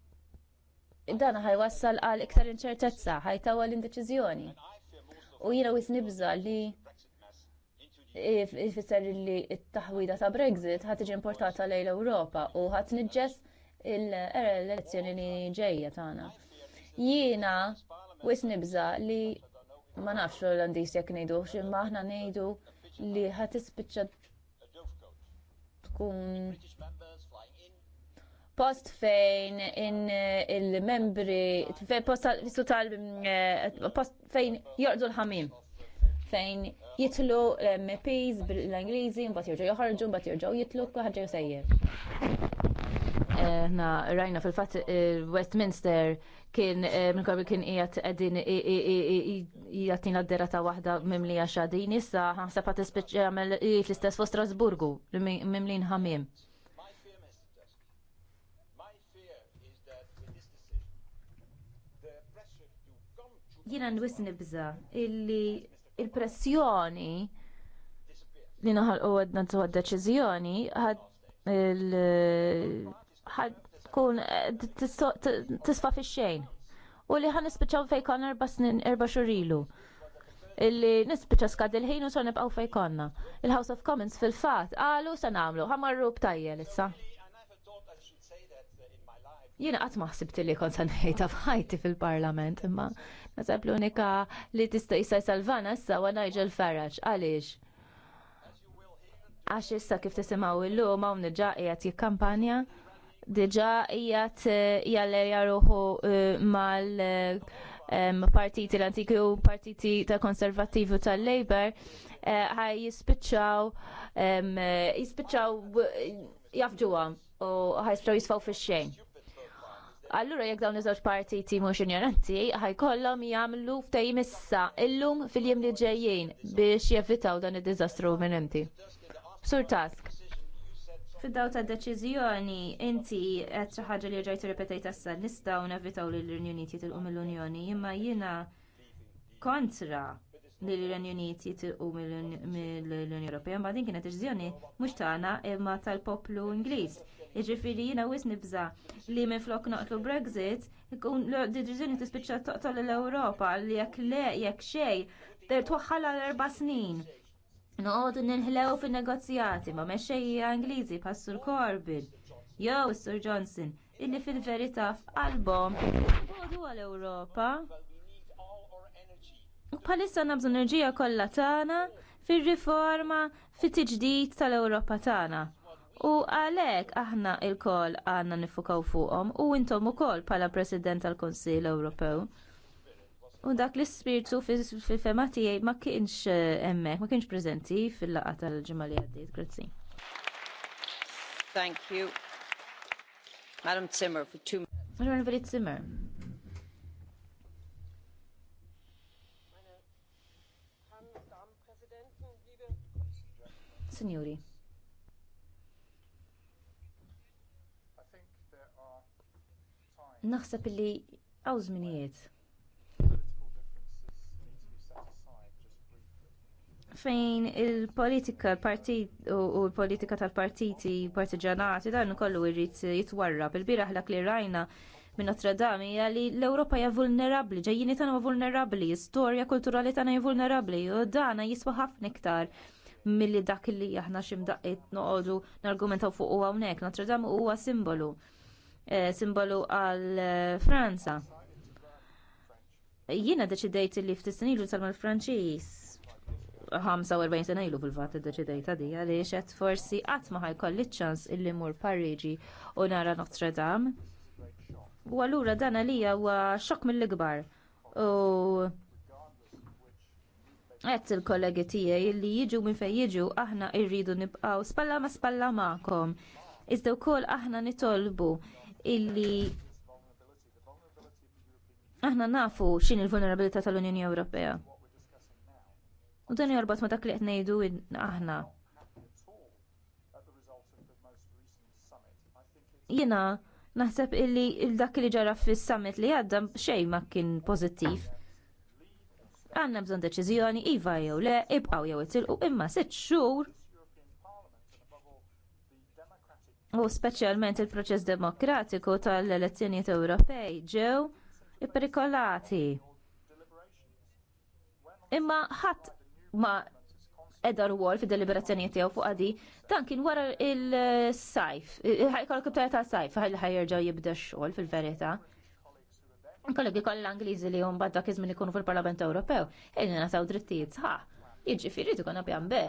dan wassal għal iktar inċertezza, ħajtawa l-indeċizjoni. U jina wis nibza li ifisser li t-taħwida ta' Brexit ħat iġi importata lejl Ewropa u ħat nġess l-elezzjoni li ġejja tagħna. Jiena wis nibża li ma nafx l-Olandis jekk nejdu, x'imma aħna ngħidu li ħat tispiċċa tkun post fejn in il-membri post eh, post fejn jorqdu l-ħamim fejn jitlu MPs bil-Ingliżi, mbagħad jerġgħu joħorġu, mbagħad jerġgħu jitlu, ħaġa sejjer na rajna fil-fat eh, Westminster kien eh, minn korbi kien ijat għedin d-dera ta' wahda mimli għaxadin issa ħamsa pat ispeċi għamil l-istess fo Strasburgu mimlin ħamim. Jina nwis nibza illi il-pressjoni li naħal u għedna t-għad deċizjoni il- tkun eh, tisfa fi xejn. U li ħan nispiċaw fejkon erba snin erba xurilu. Illi nispiċa skad il-ħin u son nibqaw fejkonna. Il-House of Commons fil-fat, għalu san għamlu, ħamarru btajja issa. Jiena qatt ma ħsibt li kon san ħejta f'ħajti fil-parlament, imma nasab l-unika li tista' jisaj salvana issa wa Nigel Farage, għaliex? Għax issa kif tisimgħu illum hawn diġà ġaqijat jikkampanja diġa jgħat eh, jgħalleja ruħu eh, mal eh, partiti l-antiki u partiti ta' konservativu tal-Labor ħaj jispiċċaw jispiċċaw jafġuwa u ħaj jispiċċaw jisfaw fi xejn. Allura jekk dawn iż partiti mhux injoranti, ħajkollhom jagħmlu ftehim issa illum fil-jiem li ġejjin biex jevitaw dan id-diżastru imminenti. Sur task. Fid-daw ta' deċiżjoni, inti qed xi ħaġa li rġajt irrepetejt issa nistgħu nevitaw li l-Renju Unit jitilqu mill-Unjoni, imma jiena kontra li l-Renju jitilqu mill-Unjoni Ewropea, ma din kienet deċiżjoni mhux tagħna imma tal-poplu Ingliż. Jiġifieri jiena wis nibża li minflok noqtlu Brexit, ikun deċiżjoni tispiċċa toqtol l-Ewropa li jekk le jekk xejn toħħalha l-erba' snin Noqogħdu ninħlew fin-negozjati ma' mexxejja Ingliżi bħas Sur Corbyn jew sur Johnson illi fil-verità f'qalbhom bodu għal Ewropa. U bħalissa nabżu enerġija kollha tagħna fir-riforma fit-tiġdid tal-Ewropa tagħna. U għalhekk aħna lkoll għandna nifukaw fuqhom u intom ukoll bħala President tal-Kunsill Ewropew. U dak l-ispirtu fil-fema tiegħi ma kienx eh, emmek, ma kienx prezenti fil-laqgħa tal ġemali li Grazie. Thank you. Madam Zimmer for two minutes. Madam Zimmer. Signori. Naħseb li għaw żminijiet fejn il-politika partit u l-politika tal-partiti partiġanati dan kollu irrit jitwarrab. Il-biraħ dak li rajna minn Notre Dame hija li l-Ewropa hija vulnerabbli, ġejjini tagħna vulnerabbli, storja kulturali tagħna hija vulnerabbli u dan jiswa ħafna iktar milli dak li aħna ximdaqqiet noqogħdu nargumentaw fuq u hawnhekk. Notre Dame huwa simbolu e, simbolu għal e, Franza. Jiena deċidejt li ftit snilu tal-Mal-Franċiż 45 sena ilu fil-vat id-deċidejta di għaliex qed forsi qatt ma kolli ċans illi mur Pariġi u nara Notre Dame. U allura dan għalija huwa xokk mill-ikbar. U qed il-kollegi tiegħi illi jiġu minn fejn jiġu aħna rridu nibqgħu spalla ma spalla magħkom. Iżda wkoll aħna nitolbu illi aħna nafu x'in il-vulnerabilità tal-Unjoni Ewropea U dan jorbot ma dak li qed ngħidu aħna. Jiena naħseb illi il-dak li ġara fis-summit li għadda xejn ma kien pożittiv. Għandna bżonn deċiżjoni iva jew le, ibqgħu jew itilqu imma sitt xhur U speċjalment il-proċess demokratiku tal-elezzjonijiet Ewropej ġew ipperikolati. Imma ħadd ma edar wall fi deliberazzjoni tiegħu fuq għadi, dan kien wara il-sajf, Ħajkol ibtajja ta' sajf ħajli ħajerġaw jibda x-xogħol fil-verità. Kollegi l Angliżi li jom badda kizmin ikunu fil-Parlament Ewropew, ejna nasaw drittijiet ha. Jiġifieri tkun pjan be.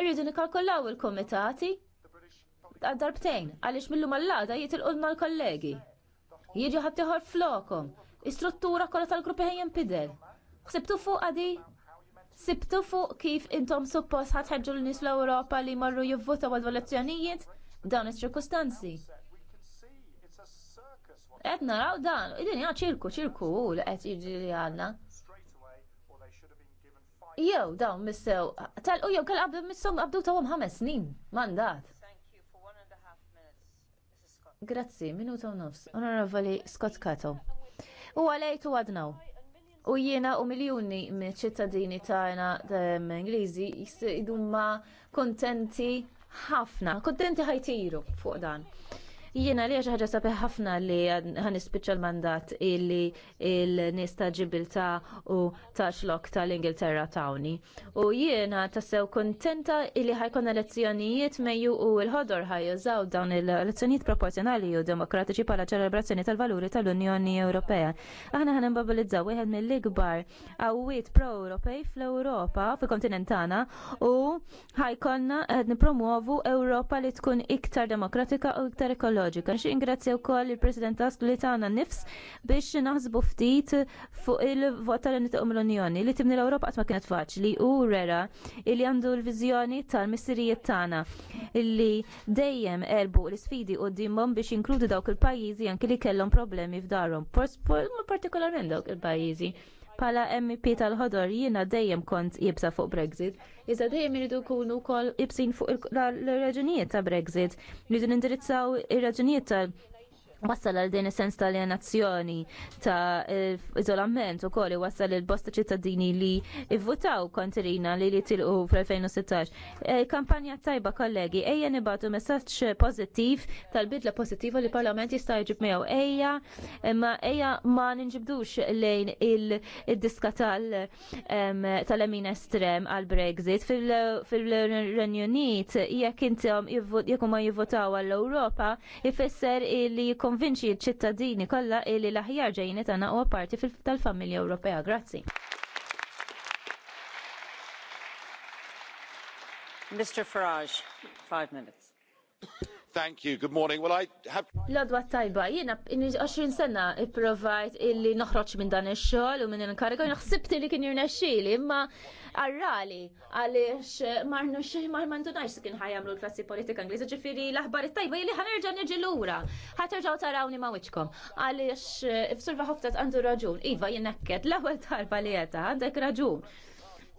Irridu nikalkollaw il-komitati darbtejn għaliex millu mal-lada jitilqulna l-kollegi. Jġi ħadd flokom Istruttura kollha tal-gruppi ħej pidel. Sibtu fuq għadi? Sibtu fuq kif intom suppost ħatħeġġu l nis l europa li marru jivvotaw għal elezzjonijiet dawn il ċirkustanzi Qed raw dan, id-din ċirku, ċirku li qed jiġri għandna. Jew dawn missew, tal-u jew kell qabdu missew ta' għom ħames snin, mandat. Grazzi, minuta u nofs. Onorevoli Scott Cato u għalajt u għadnaw. U jiena u miljoni minn ċittadini tagħna ehm, Ingliżi idumma kontenti ħafna, kontenti ħajtiru fuq dan. Jiena li ħaġa sabiħ ħafna li ħanispiċċa l-mandat illi il-nies ta' ġibilta u ta' xlok tal-Ingilterra tawni. U jiena tassew kontenta illi ħajkun elezzjonijiet meju u l-ħodor ħajjużaw dawn il-elezzjonijiet proporzjonali u demokratiċi pala ċelebrazzjoni tal-valuri tal-Unjoni Ewropea. Aħna ħan imbabilizzaw wieħed mill-ikbar għawiet pro-Ewropej fl-Ewropa, fil-kontinentana, u ħajkonna eh, nipromuovu Ewropa li tkun iktar demokratika u iktar ekologika ekoloġika. Nxie ingrazzja u koll il-President Aslu li tagħna nifs biex naħsbu ftit fuq il-vot tal-Nitqom l-Unjoni li timni l-Ewropa qatt ma kienet faċli u rera li għandu l-viżjoni tal-missirijiet tagħna li dejjem erbu l-sfidi qudiemhom biex inkludu dawk il-pajjiżi anki li kellhom problemi f'darhom, partikolarment dawk il-pajjiżi. Pala MP tal-ħodor jiena dejjem kont jibsa fuq Brexit. Iżda dejjem iridu jkunu wkoll ibsin fuq l raġunijiet ta' Brexit. Rridu nindirizzaw ir-raġunijiet tal- wassal għal din is-sens ta' alienazzjoni ta' iżolament u koll wassal il-bosta ċittadini li ivvutaw kontrina li li tilqu fl-2016. E, kampanja tajba kollegi, ejja nibatu messaġġ pozittiv tal-bidla pozittiva li parlament jista' jġib miegħu ejja ma ejja ma ninġibdux lejn il-diska tal-emin estrem għal Brexit fil-Renju Unit jekk intom jekk ma jivvotaw għall-Ewropa ifisser li nikkonvinċi ċ-ċittadini kollha li l-aħjar ġejjini tagħna u parti tal-familja Ewropea. Grazzi. Mr. Farage, five minutes. Thank you. Good morning. Well, I have L-adwa tajba, jiena 20 sena ipprovajt illi noħroġ minn dan ix-xogħol u minn u naħsibt li kien jirnexxieli, imma arrali għaliex marnu xi mar m'għandunajx kien ħajamlu l-klassi politika Ingliża, ġifieri l-aħbar tajba illi ħanerġa' niġi lura. Ħaterġgħu tarawni ma' wiċkom. Għaliex f'surva eh, ħoftat għandu raġun. Iva jien nekket l-ewwel darba li għandek raġun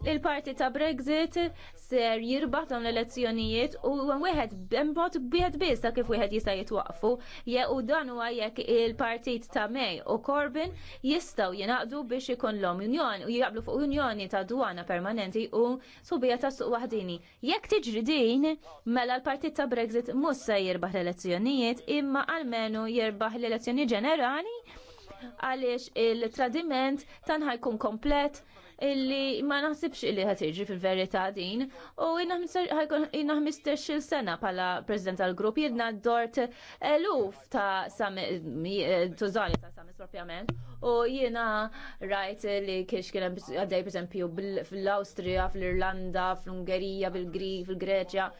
il-parti ta' Brexit ser jirbaħ dawn l-elezzjonijiet u wieħed b'mod wieħed biss ta' kif wieħed jista' jitwaqfu. u dan huwa jekk il-partit ta' May u Corbyn jistgħu jingħaqdu biex ikollhom unjoni u jaqblu fuq unjoni ta' dwana permanenti u subija ta' suq waħdini. Jekk tiġri din, mela l-partit ta' Brexit mhux se jirbaħ l-elezzjonijiet imma għalmenu jirbaħ l-elezzjoni ġenerali għaliex il-tradiment tanħajkun komplet illi ma naħsibx illi ħatirġi fil-verità din u jina il sena pala president tal-grupp jidna dort eluf ta' eh, tużani ta' samis propjament u jina rajt li kiex kien għaddej per fil-Austria, fil-Irlanda, fil-Ungerija, fil-Greċja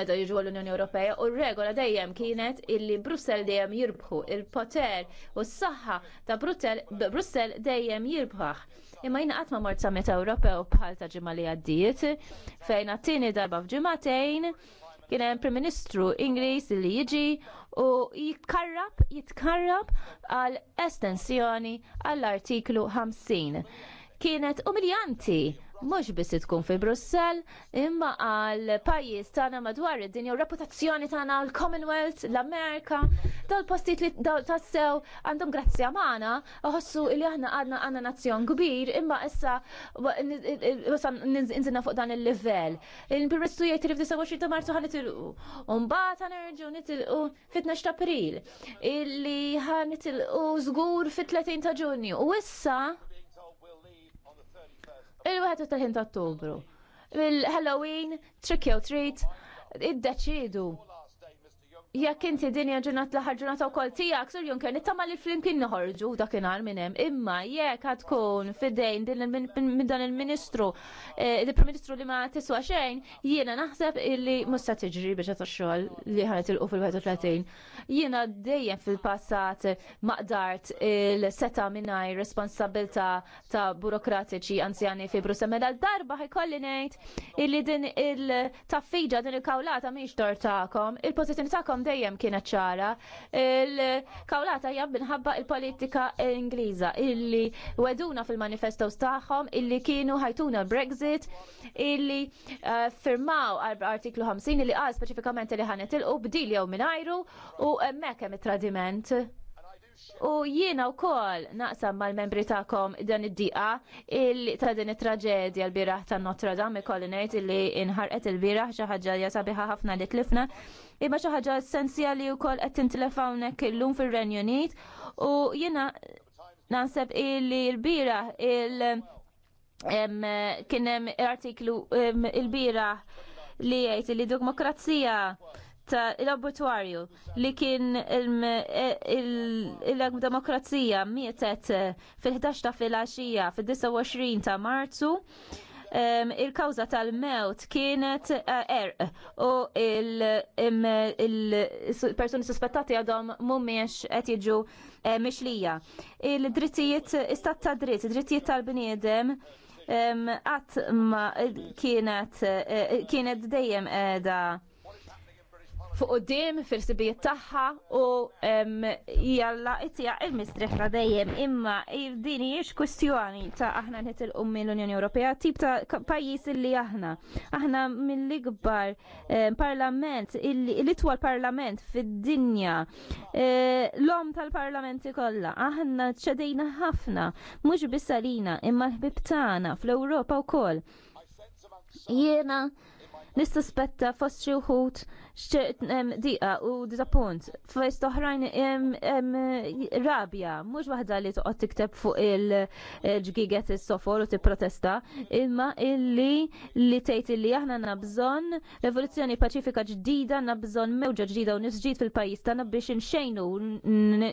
meta jiġu l-Unjoni Ewropea u r-regola dejjem kienet illi Brussel dejjem jirbħu il-poter u s-saħħa ta' Brussel dejjem jirbħaħ. Imma jina għatma mort summit Ewropew bħal ta' ġimma li għaddiet, fejn għattini darba f'ġimatejn, kien hemm Prim Ministru Ingliż li jiġi u jitkarrab jitkarrab għal estensjoni għall-artiklu 50. Kienet umiljanti mhux biss tkun fi Brussell, imma għal pajjiż tagħna madwar id-dinja u reputazzjoni tagħna għal Commonwealth, l-Amerika, dal postijiet li tassew għandhom grazzja magħna, ħossu li aħna għadna għandna nazzjon kbir, imma issa ninżilna fuq dan il-livell. Il-Pirmistu jgħid li f'29 ta' Marzu ħanitilqu. Umbagħad ħanerġgħu nitilqu fit-12 ta' April, illi ħanitilqu żgur fit-30 ta' Ġunju. U issa il tal-ħin ta' ottobru. Il-Halloween, trick or treat, id-deċidu jekk inti dinja ġurnat l-aħħar u wkoll tiegħek sur Junker nittama li flimkien noħorġu dakinhar minn hemm. Imma jekk ħad tkun fidejn minn dan il-Ministru, eh, il-Prim Ministru li ma tiswa xejn, jiena naħseb illi mhux tiġri biex għat xogħol li ħanet ilqu fil-31. Jiena dejjem fil-passat maqdart il-seta mingħajr responsabilità ta' burokratiċi anzjani fi Brussel. Mela darba ħajkolli ngħid illi din il-taffiġa din il-kawlata mhix tortakom, il-pożizzjoni tagħkom tagħhom dejjem kienet ċara. Il-kawlata hija minħabba il-politika Ingliża illi weduna fil manifesto tagħhom illi kienu ħajtuna Brexit illi eh, firmaw artiklu 50 illi qal speċifikament li ħanet il bdil jew minajru u hemmhekk hemm it-tradiment. U jiena u kol naqsam mal-membri ta'kom dan id-diqa ta' din it-traġedja l-biraħ ta' Notre Dame ikolli ngħid li inħarqet il-biraħ xi ħaġa sabiħa ħafna li tlifna imma xi ħaġa essenzjali wkoll qed tintilef hawnhekk illum fir-Renju Unit u jiena naħseb illi l-bira il kien hemm artiklu il-bira li jgħid li demokrazija ta' il-laboratorju li kien il-demokrazija mietet fil-11 ta' fil fid fil-29 ta' marzu il-kawza tal-mewt kienet eh, erq u il-persuni suspettati għadhom mumiex qed jiġu eh, mixlija. Il-drittijiet, istat ta' dritt, drittijiet tal-bniedem għat kienet eh, kienet dejjem edha fuq qudiem fil-sibijiet tagħha u jalla itja il-mistriħra dejjem imma din hijiex kwestjoni ta' aħna nitilqu mill-Unjoni Ewropea tip ta' pajjiż illi aħna. Aħna mill-ikbar parlament l-itwal parlament fid-dinja e, l-om tal-parlamenti kollha aħna ċedejna ħafna mhux biss salina, imma l-ħbib tagħna fl-Ewropa wkoll. Jiena nistaspetta fost xi wħud xċert diqa u dizappunt. Fajst oħrajn rabja, mux wahda li toqgħod tikteb fuq il-ġgiget is-sofor u tipprotesta, imma illi li tejt illi aħna nabżon revoluzzjoni paċifika ġdida, nabżon bżonn mewġa ġdida u nisġid fil-pajjiż tagħna biex inxejnu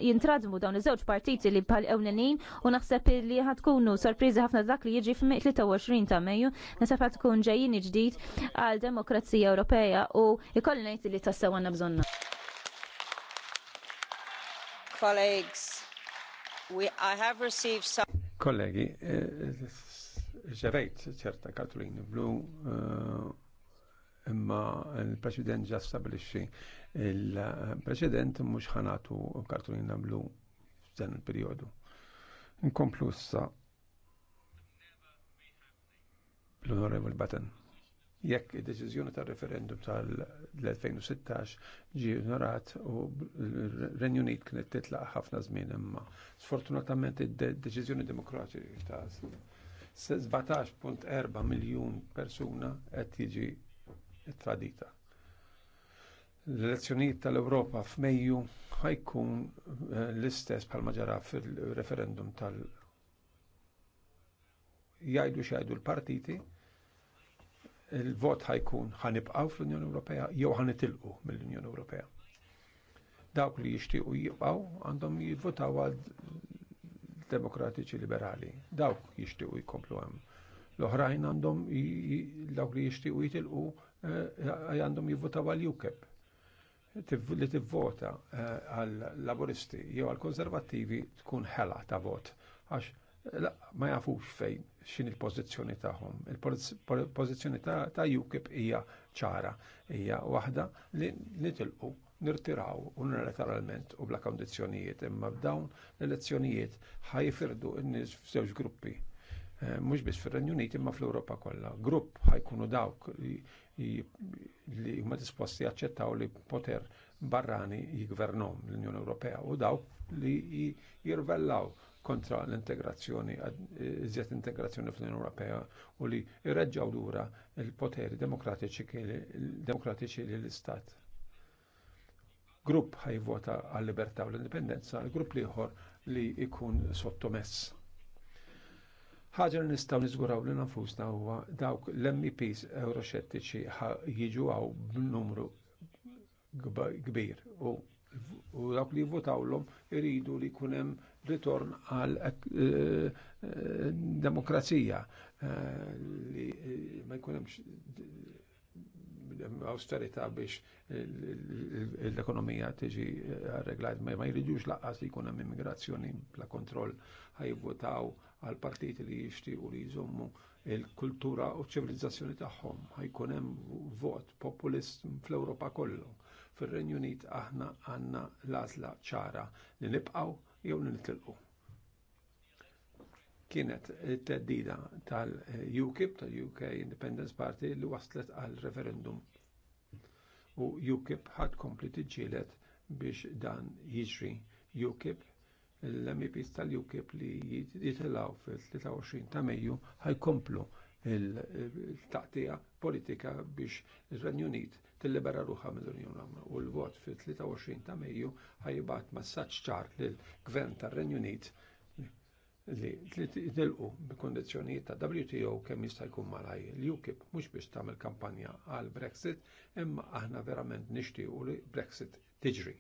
jintradmu dawn iż-żewġ partiti li bħal ewlenin u naħseb illi ħatkunu sorpriżi ħafna dak li jiġi f'23 ta' Mejju, naħseb ħatkun ġejjin ġdid għal demokrazija Ewropea u ikollna ngħid li tassaw għanna bżonna. Kollegi, eh, ġerejt ċerta Katrina Blu eh, imma il-President ġa stabilixxi il-President mux ħanatu Katrina Blu f'dan il periodu Nkomplu issa l-Onorevole Batten jekk id-deċiżjoni tal-referendum tal-2016 ġi ignorat u Renju Unit kienet titlaq ħafna żmien imma. Sfortunatament id-deċiżjoni demokratiċi ta' 17.4 miljun persuna qed jiġi tradita. L-elezzjonijiet tal-Ewropa f'Mejju ħajkun eh, l-istess bħalma ġara fil-referendum tal- jgħidu x'jgħidu l-partiti, il-vot ħajkun ħanibqaw fl-Unjoni Ewropea jew ħanitilqu mill-Unjoni Ewropea. Dawk li jixtiequ jibqaw għandhom jivvotaw għal demokratiċi liberali. Dawk jixtiequ jkomplu hemm. L-oħrajn għandhom dawk li jixtiequ jitilqu eh, għandhom jivvotaw għal UKIP e li tivvota eh, għal laboristi jew għal konservattivi tkun ħela ta' vot għax la, ma jafux fejn xin il-pozizjoni tagħhom. Il-pozizjoni ta' UKIP hija ċara, hija waħda li nitilqu nirtiraw unilateralment u bla kondizzjonijiet imma b'dawn l-elezzjonijiet ħajfirdu n-nies f'żewġ gruppi. Eh, mhux biss fir-Renju Unit imma fl-Ewropa kollha. Grupp ħajkunu dawk li huma disposti jaċċettaw li poter barrani jigvernom l-Unjoni Ewropea u dawk li jirvellaw kontra l-integrazzjoni, iżjed integrazzjoni fl-Unjoni Ewropea u li irreġġaw lura il-poteri demokratiċi li l-Istat. Grupp ħajvota għal-libertà u l-indipendenza, grupp liħor li ikun sottomess. Ħaġa li nistgħu niżguraw li nafusna huwa dawk l-MEPs euroxettiċi jiġu għaw b'numru kbir u dawk li votawlhom iridu li jkun hemm ritorn għal eh, eh, demokrazija eh, li ma jkunemx austerità biex l-ekonomija tiġi reglat ma jridux laqqas li jkun hemm immigrazzjoni bla kontroll ħajvotaw għal partiti li u li jżommu il-kultura u ċivilizzazzjoni tagħhom. Ħajkun hemm vot populist fl-Ewropa kollu. Fir-Renju Unit aħna għandna l-għażla ċara li nibqgħu jew nitilqu. Kienet it-teddida tal-UKIP, tal-UK Independence Party, li waslet għal referendum. U UKIP ħad kompli tiġġielet biex dan jiġri. UKIP l-MEPs tal-UKIP li jitilaw fil-23 ta' Mejju ħajkomplu il-taqtija politika biex il-Renju Unit tillibera ruħa mill-Unjoni Ewropea u l-vot fit-23 ta' Mejju ħajbat massaċ ċar lill-Gvern tar-Renju Unit li tilqu b'kondizzjonijiet ta' WTO kemm jista' jkun malaj l-UKIP mhux biex tagħmel kampanja għal Brexit, imma aħna verament nixtiequ li Brexit tiġri.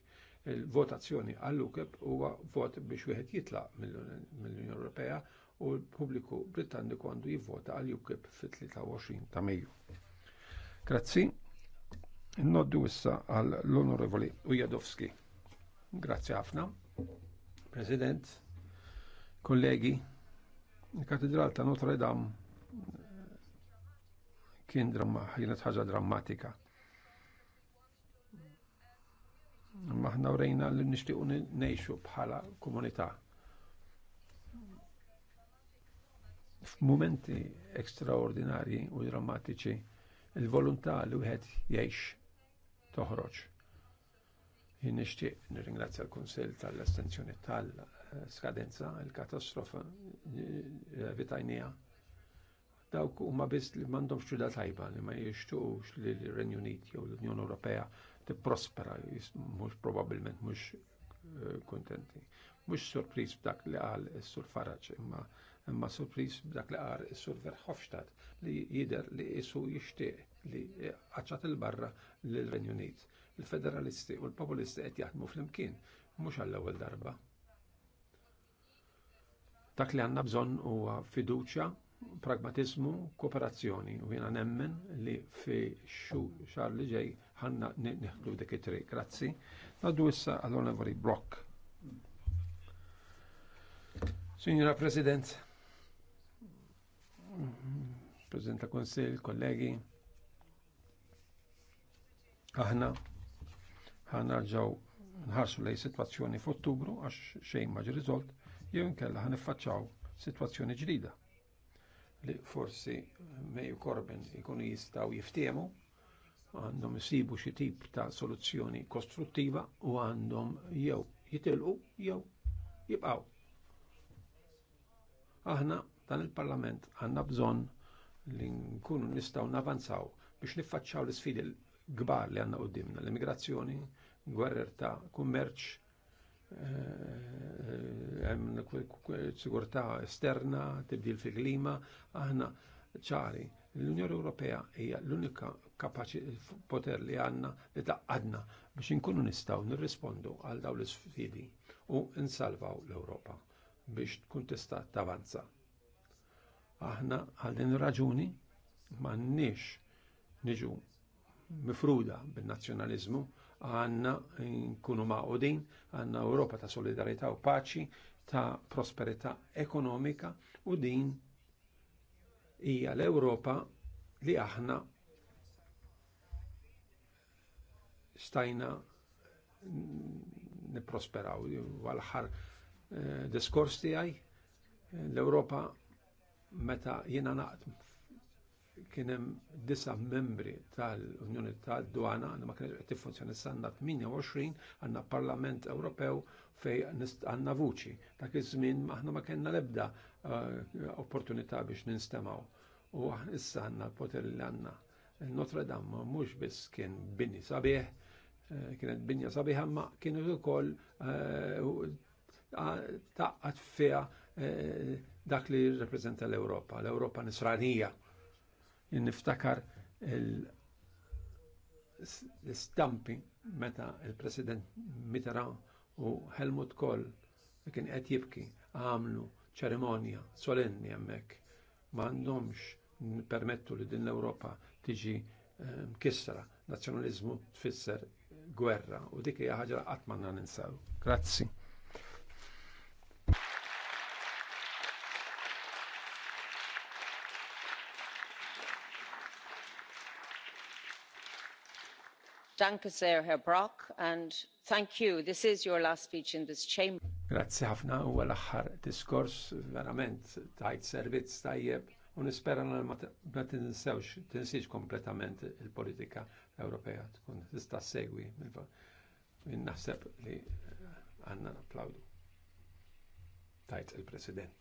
Il-votazzjoni għall-UKIP huwa vot biex wieħed jitlaq mill-Unjoni Ewropea u l-pubbliku Britanniku għandu jivvota għal UKIP fit-23 ta' Mejju. Grazzi. Noddu issa għal l-Onorevoli Ujadowski. Grazzi ħafna. President, kollegi, il-Katedral ta' Notre Dame eh, kien dramma, kienet ħaġa drammatika. Maħna urejna li nishtiqu nejxu bħala komunità. F'mumenti ekstraordinari u drammatiċi, il-volontà li wieħed jgħix toħroġ. Jien nirringrazzja l kunsell tal-estensjoni tal-skadenza, il-katastrofa eh, vitajnija. Dawk huma biss li m'għandhomx ġuda tajba li ma jixtux li l-Renju Unit jew l-Unjoni Ewropea tipprospera mhux probabbilment mhux eh, kuntenti. Mhux surpriż b'dak li qal is-Sur Faraġ imma imma surpriż dak li qar is-sur Verhofstadt li jidher li jisu jixtieq li qaċċat il-barra lill-Renju Unit. Il-Federalisti u l-Populisti qed jaħdmu flimkien mhux għall-ewwel darba. Dak li għandna bżonn huwa fiduċja, pragmatizmu, kooperazzjoni u jiena nemmen li fi xu xar li ġej ħanna nieħdu dik it-triq. Grazzi. Naddu issa għall-Onorevoli Brock. Signora President, President ta' Konsil, kollegi, aħna ħana ġaw nħarsu lej situazzjoni f'Ottubru għax xejn ma rizolt jew inkella ħan iffaċċaw situazzjoni ġdida li forsi Meju Corbin ikunu jistaw jiftiemu għandhom jisibu xi tip ta' soluzzjoni kostruttiva u għandhom jew jitilqu jew jibqgħu. Aħna dan il-Parlament għandna bżonn li nkunu nistgħu navanzaw biex niffaċċaw l-isfidi l-kbar li għandna qudiemna, l-immigrazzjoni, gwerrer ta' kummerċ, eh, eh, sigurtà esterna, tibdil fil-klima, aħna ċari. L-Unjoni Ewropea hija l-unika kapaċi poter li għandna li taqqadna biex inkunu nistgħu nirrispondu għal dawn l-isfidi u nsalvaw l-Ewropa biex tkun tista' tavanza. Aħna għal din raġuni m'għandniex niġu mifruda bin-nazzjonaliżmu, għanna nkunu maqudin, għandna Ewropa ta' solidarità u paċi, ta' prosperità ekonomika u din hija l-Ewropa li aħna stajna niprosperaw. Għal-ħar diskors tiegħi l-Ewropa meta jiena naqt kien hemm disa membri tal-Unjoni tad-Dwana għandna ma kienx qed tiffunzjoni s-sanna 28 għandna Parlament Ewropew fej għandna vuċi. Dak iż-żmien aħna ma kellna l-ebda eh, opportunità biex ninstemaw. U issa għandna l-poter li għandna. Notre Dame mhux biss kien bini sabiħ, eh, kienet binja sabiħ, ma kienu ukoll eh, taqqat fiha dak li jirrepreżenta l-Ewropa, l-Ewropa nisranija. Niftakar l-stampi meta il-President Mitterrand u Helmut Kohl li kien qed jibki għamlu ċerimonja solenni hemmhekk m'għandhomx permettu li din l-Ewropa tiġi eh, mkissra nazzjonaliżmu tfisser gwerra u dik hija ħaġa qatt ma ninsaw. Grazzi. Grazzi ħafna u l-aħħar diskors verament tajt servizz tajjeb u nispera li ma tinsewx tinsiex kompletament il-politika Ewropea tkun tista' segwi naħseb li għandna applawdu. Tajt il-President.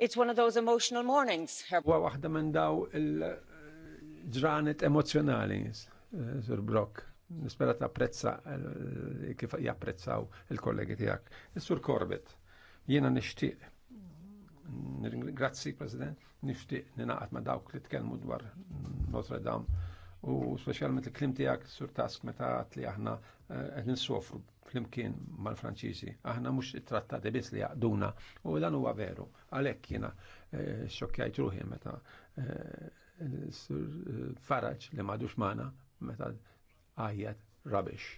It's one of those emotional mornings. Wa waħda minn daw il-ġranet emozjonali, eh, Sir Brock. Nispera tapprezza eh, kif japprezzaw il-kollegi tijak. Is-Sur eh, Corbett, jiena nixtieq Grazzi, President. Nishtiq ninaqat ma dawk li tkellmu dwar Notre Dame u specialment il-klim tijak, sur task meta li aħna qed ninsofru flimkien mal-Franċiżi. Aħna mhux trattati biss li jaqduna u dan huwa veru. Għalhekk jiena eh, xokkjajt ruħi meta eh, eh, Faraġ li m'għadux magħna meta għajjat rubbish.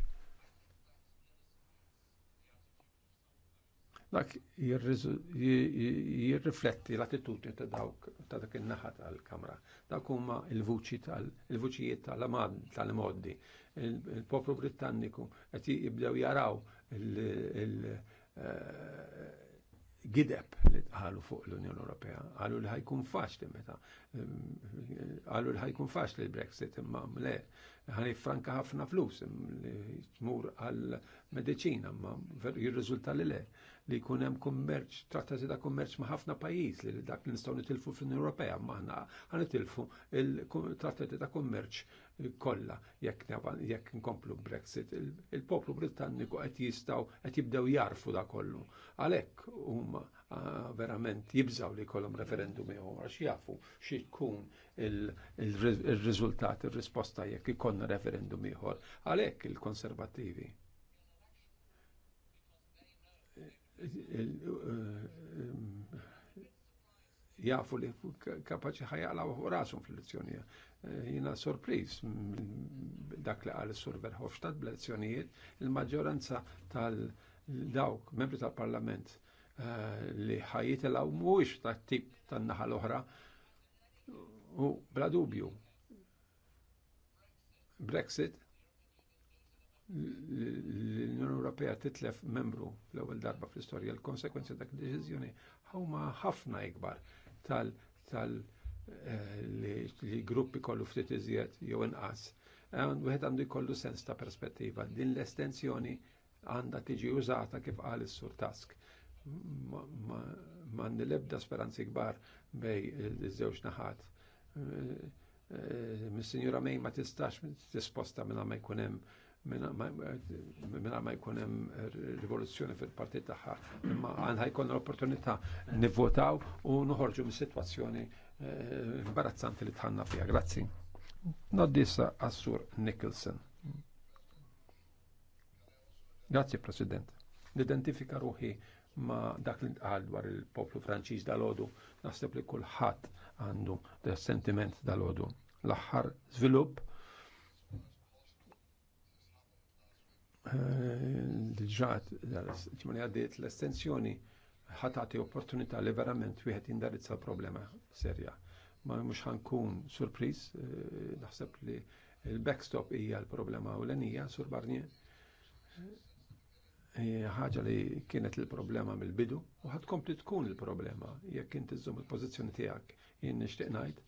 Dak jirrifletti l-attitudni ta' dawk ta' dak il-naħa tal-kamra. Dak huma il-vuċi tal-vuċijiet tal-amad tal-moddi. tal vuċijiet tal amad tal modi tal tal moddi il-poplu Britanniku qed jibdew jaraw il-gideb eh, li tqalu fuq l-Unjoni Ewropea. Qalu li ħajkun faċli meta. Qalu li ħajkun faċli l-Brexit imma le ħani franka ħafna flus tmur għal medicina imma jirriżulta li le li jkun hemm kummerċ, trattati ta' kummerċ ma' ħafna pajjiż li dak li nistgħu nitilfu fl-Unjoni Ewropea ma aħna ħanitilfu il-trattati ta' kummerċ kollha jekk nkomplu Brexit. Il-poplu Britanniku qed jistgħu qed jibdew jarfu da kollu. Għalhekk huma verament jibżaw li kollhom referendum ieħor għax jafu xi tkun il-riżultat, ir-risposta jekk ikollna referendum ieħor. Għalhekk il-konservattivi jafu li kapaċi u rasum fil-lezzjoni. Eh, jina sorpriz dak li għal sur Verhofstadt bl-lezzjonijiet il-maġġoranza tal-dawk membri tal-parlament eh, li l-għaw mhuwiex tat-tip tan-naħa l-oħra u bla dubju Brexit l-Unjoni Ewropea titlef membru l-ewwel darba fl-istorja l-konsekwenzi dak id-deċiżjoni huma ħafna ikbar tal tal eh, li gruppi kollu ftit iżjed jew inqas. Eh, wieħed għandu jkollu sens ta' perspettiva. Din l-estensjoni għandha tiġi użata kif qal is-sur task. Ma nilebda speranzi kbar bej iż-żewġ naħat. Eh, Mis-Sinjura Mej ma tistax tisposta minna ma jkun hemm minna ma jkun hemm rivoluzzjoni fil-partit tagħha, imma għandha jkun l-opportunità nivvotaw u noħorġu mis-sitwazzjoni eh, imbarazzanti li tħanna fiha. Grazzi. Noddisa Assur Nicholson. Grazzi President. Nidentifika ruħi ma dak li tqal dwar il-poplu Franċiż dal-għodu, naħseb li kulħadd għandu sentiment dal-għodu. L-aħħar żvilupp Dġat, eh, ġimani għaddiet l-estensjoni ħatati opportunità li verament wieħed jindarizza l-problema serja. Ma mhux ħankun surpriz, eh, naħseb li il-backstop hija l-problema u l-enija sur Barnier. Eh, ħaġa li kienet il-problema mill-bidu u ħatkompli tkun il-problema jekk kien żżomm il-pożizzjoni tiegħek. Jien nixtieq ngħid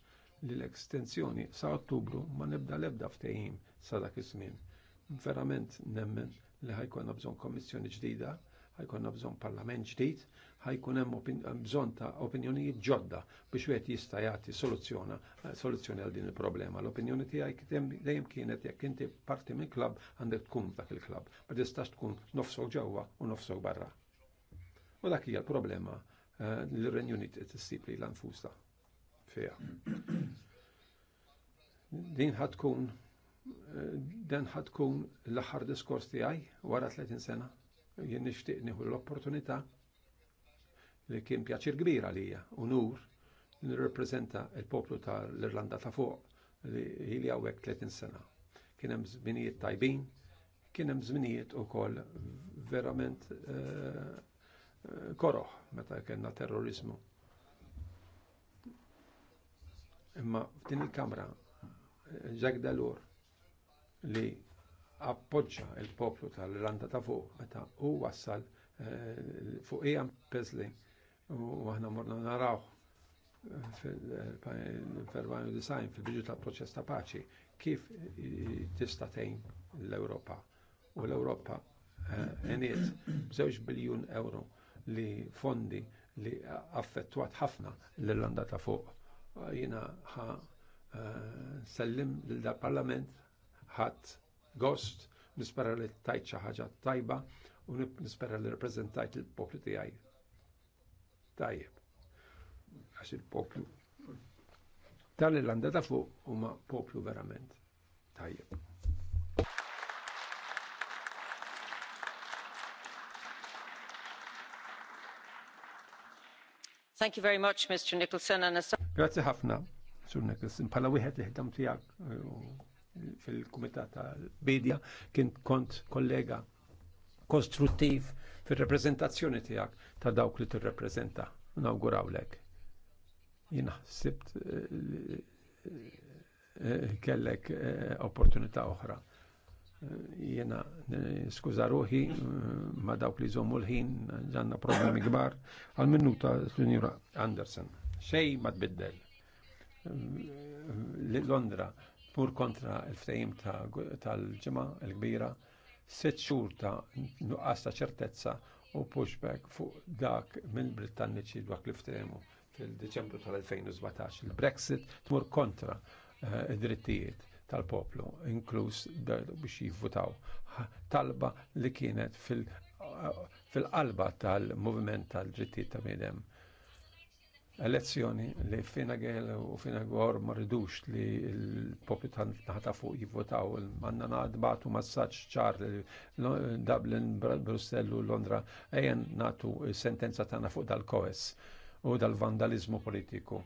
li l estensjoni sa' Ottubru ma nibda l-ebda ftehim sa dak iż-żmien verament nemmen li ħajkonna bżon komissjoni ġdida, ħajkonna bżon parlament ġdid, ħajkun hemm bżon ta' opinjonijiet ġodda biex wieħed jista' jagħti soluzzjona eh, soluzzjoni għal din il-problema. L-opinjoni tiegħi dejjem kienet jekk inti parti minn klabb għandek tkun dak il-klabb, ma tistax tkun nofsok ġewwa u nofsok barra. U dak hija l-problema eh, li l-Renju qed issib l Din ħadd tkun dan ħatkun l-aħħar diskors tiegħi wara 30 sena. Jien nixtieq nieħu l-opportunità li kien pjaċir kbir għalija, unur, li nirrepreżenta il-poplu tal-Irlanda ta' fuq li ili għawek 30 sena. Kien hemm żminijiet tajbin, kien hemm żminijiet ukoll verament eh, koroħ meta kellna terrorizmu. Imma f'din il-kamra Jacques ur li appoġġa il-poplu tal-Irlanda ta' fuq meta u wassal eh, fuq Ian Pesley u aħna morna naraw eh, fil-94 fil-biġu tal-proċess ta' paċi kif tista' tgħin l-Ewropa u l-Ewropa eh, għeniet b'żewġ biljun euro li fondi li affettwat ħafna l-Irlanda ta' fuq. Jina ħa sellim l-parlament ħadd gost, nispera li tajt xi ħaġa tajba u nispera li rappreżentajt il-poplu tiegħi. Tajjeb. Għax il-poplu tal l-landa ta' fuq huma poplu verament tajjeb. Thank you very much, Mr. Nicholson. Grazie ħafna, Sur Nicholson. Pala wieħed li ħdam tiegħek eh, fil-Kumitat tal-Bidja kien kont kollega kostruttiv fil-reprezentazzjoni tiegħek ta' dawk li tirrepreżenta. Nawgurawlek. Jina sibt eh, eh, kellek eh, opportunità oħra. Jena skuża ruħi ma dawk li zomu l-ħin ġanna problemi kbar għal minuta s unjura Anderson. Xej ma tbiddel. Londra tmur kontra il-ftehim tal-ġimgħa l-kbira, sitt xhur ta' nuqqas ta' ċertezza u pushback fuq dak mill Britanniċi dwar li ftehmu fil-Deċembru tal-2017. Il-Brexit tmur kontra eh, id-drittijiet tal-poplu, inkluż biex jivvutaw. Talba li kienet eh, fil-qalba tal-moviment tal-drittijiet ta' bnedem elezzjoni li fina għel u fina għor marridux li l-popju taħta fuq jivvotaw. Manna naħdbatu massaċ ċar Dublin, Brussell u Londra ejjen natu sentenza tana fuq dal-koes u dal-vandalizmu politiku.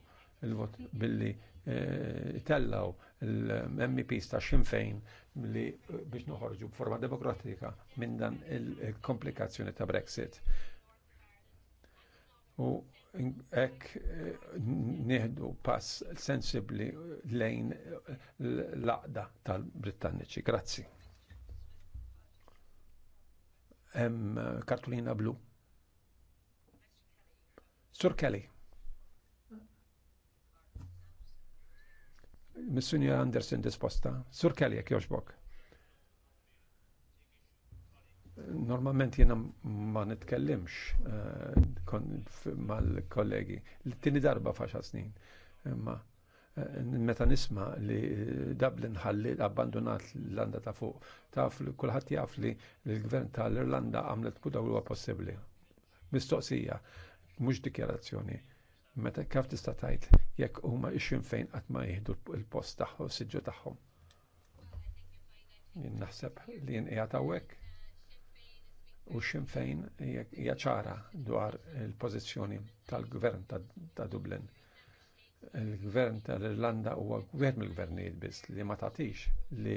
Il-vot billi eh, tellaw l-MPs ta' ximfejn li eh, biex noħorġu b'forma demokratika minn dan il-komplikazzjoni ta' Brexit. U ek eh, nieħdu pass sensibli lejn l aqda tal-Britanniċi. Grazzi. Em kartulina blu. Sur Kelly. Missunja Anderson disposta. Sur Kelly, jek joġbok. Normalment jena ma nitkellimx eh, mal-kollegi. Tini darba faċa snin. Imma eh, meta nisma li eh, Dublin ħalli abbandonat l-Irlanda ta' fuq, taf kulħadd jaf li l-gvern tal-Irlanda għamlet kull huwa possibbli. Mistoqsija, mhux dikjarazzjoni. Meta kif tista' tajt jekk huma ixin fejn qatt ma jieħdu l-post tagħhom, siġġu tagħhom. Jien naħseb li jinqiegħed hawnhekk u hija jaċara dwar il-pozizjoni tal-gvern ta' Dublin. Il-gvern tal-Irlanda huwa gvern mill-gvernijiet biss li ma tagħtix li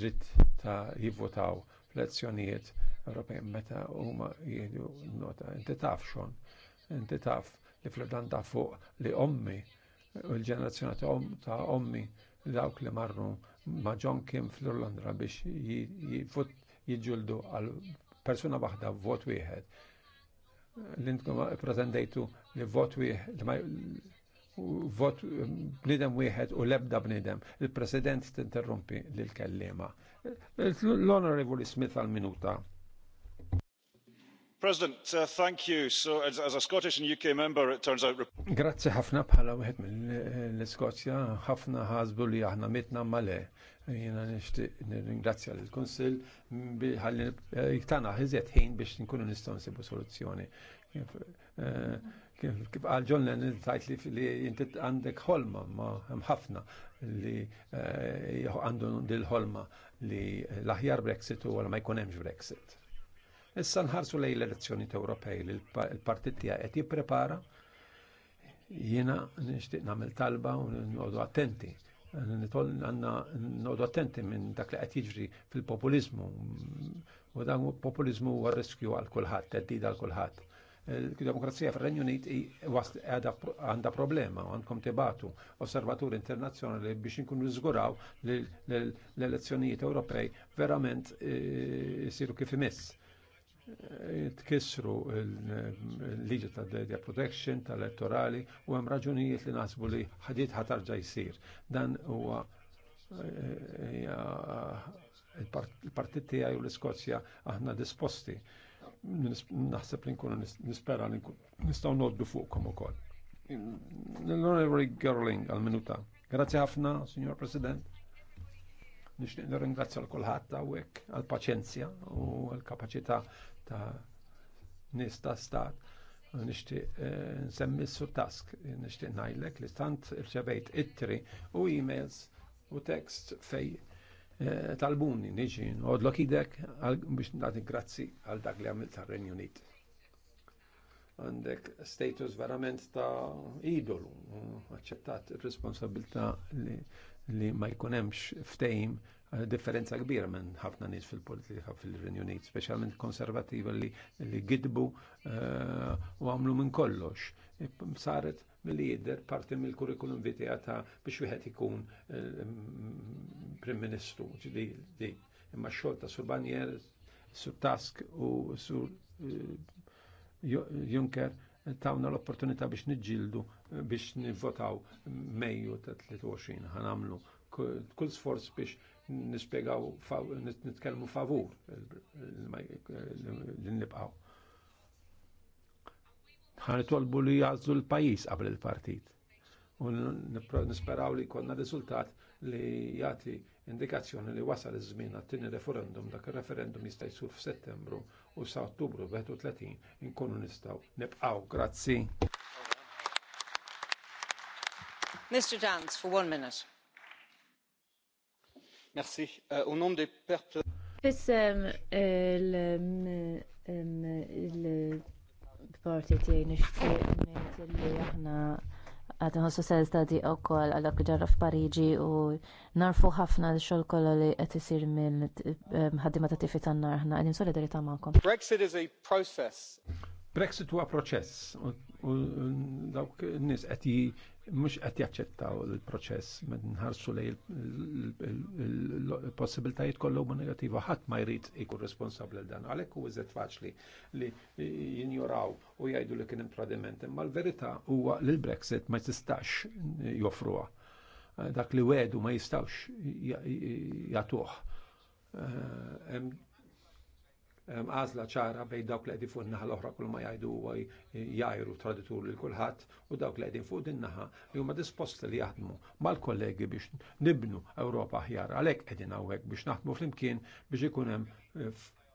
dritt ta' jivvotaw fl-elezzjonijiet Ewropej meta huma jgħidu nota. Inti taf xon, inti taf li fl-Irlanda fuq li ommi u l-ġenerazzjoni ta' ommi dawk li marru ma' ġon Kim fl-Irlanda biex jifut jiġuldu għal persuna waħda vot wieħed. L-intkom pretendejtu li vot wieħed vot bnidem wieħed u lebda bnidem. Il-President tinterrumpi lil kellima. L-Honorable Smith għal minuta. President, uh, thank you. So, as, as a Scottish and UK member, it turns out. Grazzi ħafna bħala wieħed mill-Skozja, ħafna mitna male Jena nishtiq nirringrazzja l konsil biħalli jiktana ħizet ħin biex nkunu nistgħu nsibu soluzzjoni. Kif qal John Lennon tajt li li inti għandek ħolma ma ħafna li għandu dil-ħolma li laħjar Brexit u għal ma jkunemx Brexit. Issa nħarsu lej l-elezzjoni t Ewropej li l partittija għet jiprepara jipprepara jiena nixtieq nagħmel talba u nqogħdu attenti nitol għanna nodu attenti minn dak li qed jiġri fil-populizmu. U dan populizmu huwa riskju għal kulħadd, teddida għal kulħadd. Il-demokrazija eh, fil renju Unit għandha problema, għandkom tibatu osservaturi internazzjonali biex inkunu żguraw li l-elezzjonijiet Ewropej verament eh, siru kif imiss tkissru l-liġi ta' data protection, tal-elettorali, u hemm raġunijiet li naħsbu li ħadiet ħatarġa jsir. Dan huwa eh, eh, il-partit tiegħi u l-Iskozja aħna disposti. Naħseb li nkunu nispera li nistgħu noddu fuqkom ukoll. L-Honorary Gerling għal-minuta. Grazie ħafna, Signor President nixtieq nirringrazzja l kolħat hawnhekk għall-paċenzja u għal kapaċità ta' nis ta' stat. Nishti eh, nsemmi su task, nishti najlek li stant irċevejt ittri u emails u text fej eh, talbuni niġi nodlok idek biex nati grazzi għal dak li għamil tar renju Unit. Għandek status verament ta' idolu, għacċettat il-responsabilta li, li ma jkunemx ftejim Eh, differenza kbira minn ħafna nies fil-politika fil-Renju Unit, speċjalment konservativa li, li gidbu eh, u għamlu minn kollox. E, saret mill lider parti mill-kurrikulum vitae ta' biex wieħed ikun eh, Prim Ministru, imma xogħol ta' Sur Banjer, Sur Task u Sur Juncker tawna l-opportunità biex nġildu biex nivvotaw Mejju ta' 23 ħanamlu kull sforz biex nispjegaw nitkellmu favur li nibqgħu. Ħan itolbu li jgħazzu l-pajis qabel il-partit. U nisperaw li konna riżultat li jagħti indikazzjoni li wasal iż-żmien għat-tieni referendum dak ir-referendum jista' jsur f'Settembru u sa Ottubru 31 inkunu nistgħu nibqgħu. Grazzi. Mr. Dance for one minute. Merci. Euh, au nom des pertes. Fissem il-parti tiegħi nixtieq ngħid li aħna għad nħossu sens ta' wkoll għal dak ġarra f'Pariġi u narfu ħafna l-xogħol kollha li qed isir mill-ħaddiema ehm, ta' tifi tan-nar aħna qegħdin solidarità magħkom. Brexit is a process. Brexit huwa proċess u dawk n-nies qed mux għat jaċċettaw il-proċess, nħarsu li il-possibiltajiet kollu ma negativa, ħat ma jrid ikun responsabli l-dan, għalek u għizet faċli li jinjuraw u jgħidu li kien impradiment, imma l-verita huwa li l-Brexit ma jistax joffruha. Dak li wedu ma jistax jagħtuh. Eh, għażla ċara bej dawk li għedin fuq naħa l-oħra kull ma jgħidu jajru traditur lil kulħadd u dawk li qegħdin fuq din naħa li huma disposti li jaħdmu mal-kollegi biex nibnu Ewropa aħjar għalhekk qegħdin hawnhekk biex naħdmu flimkien biex ikun hemm eh,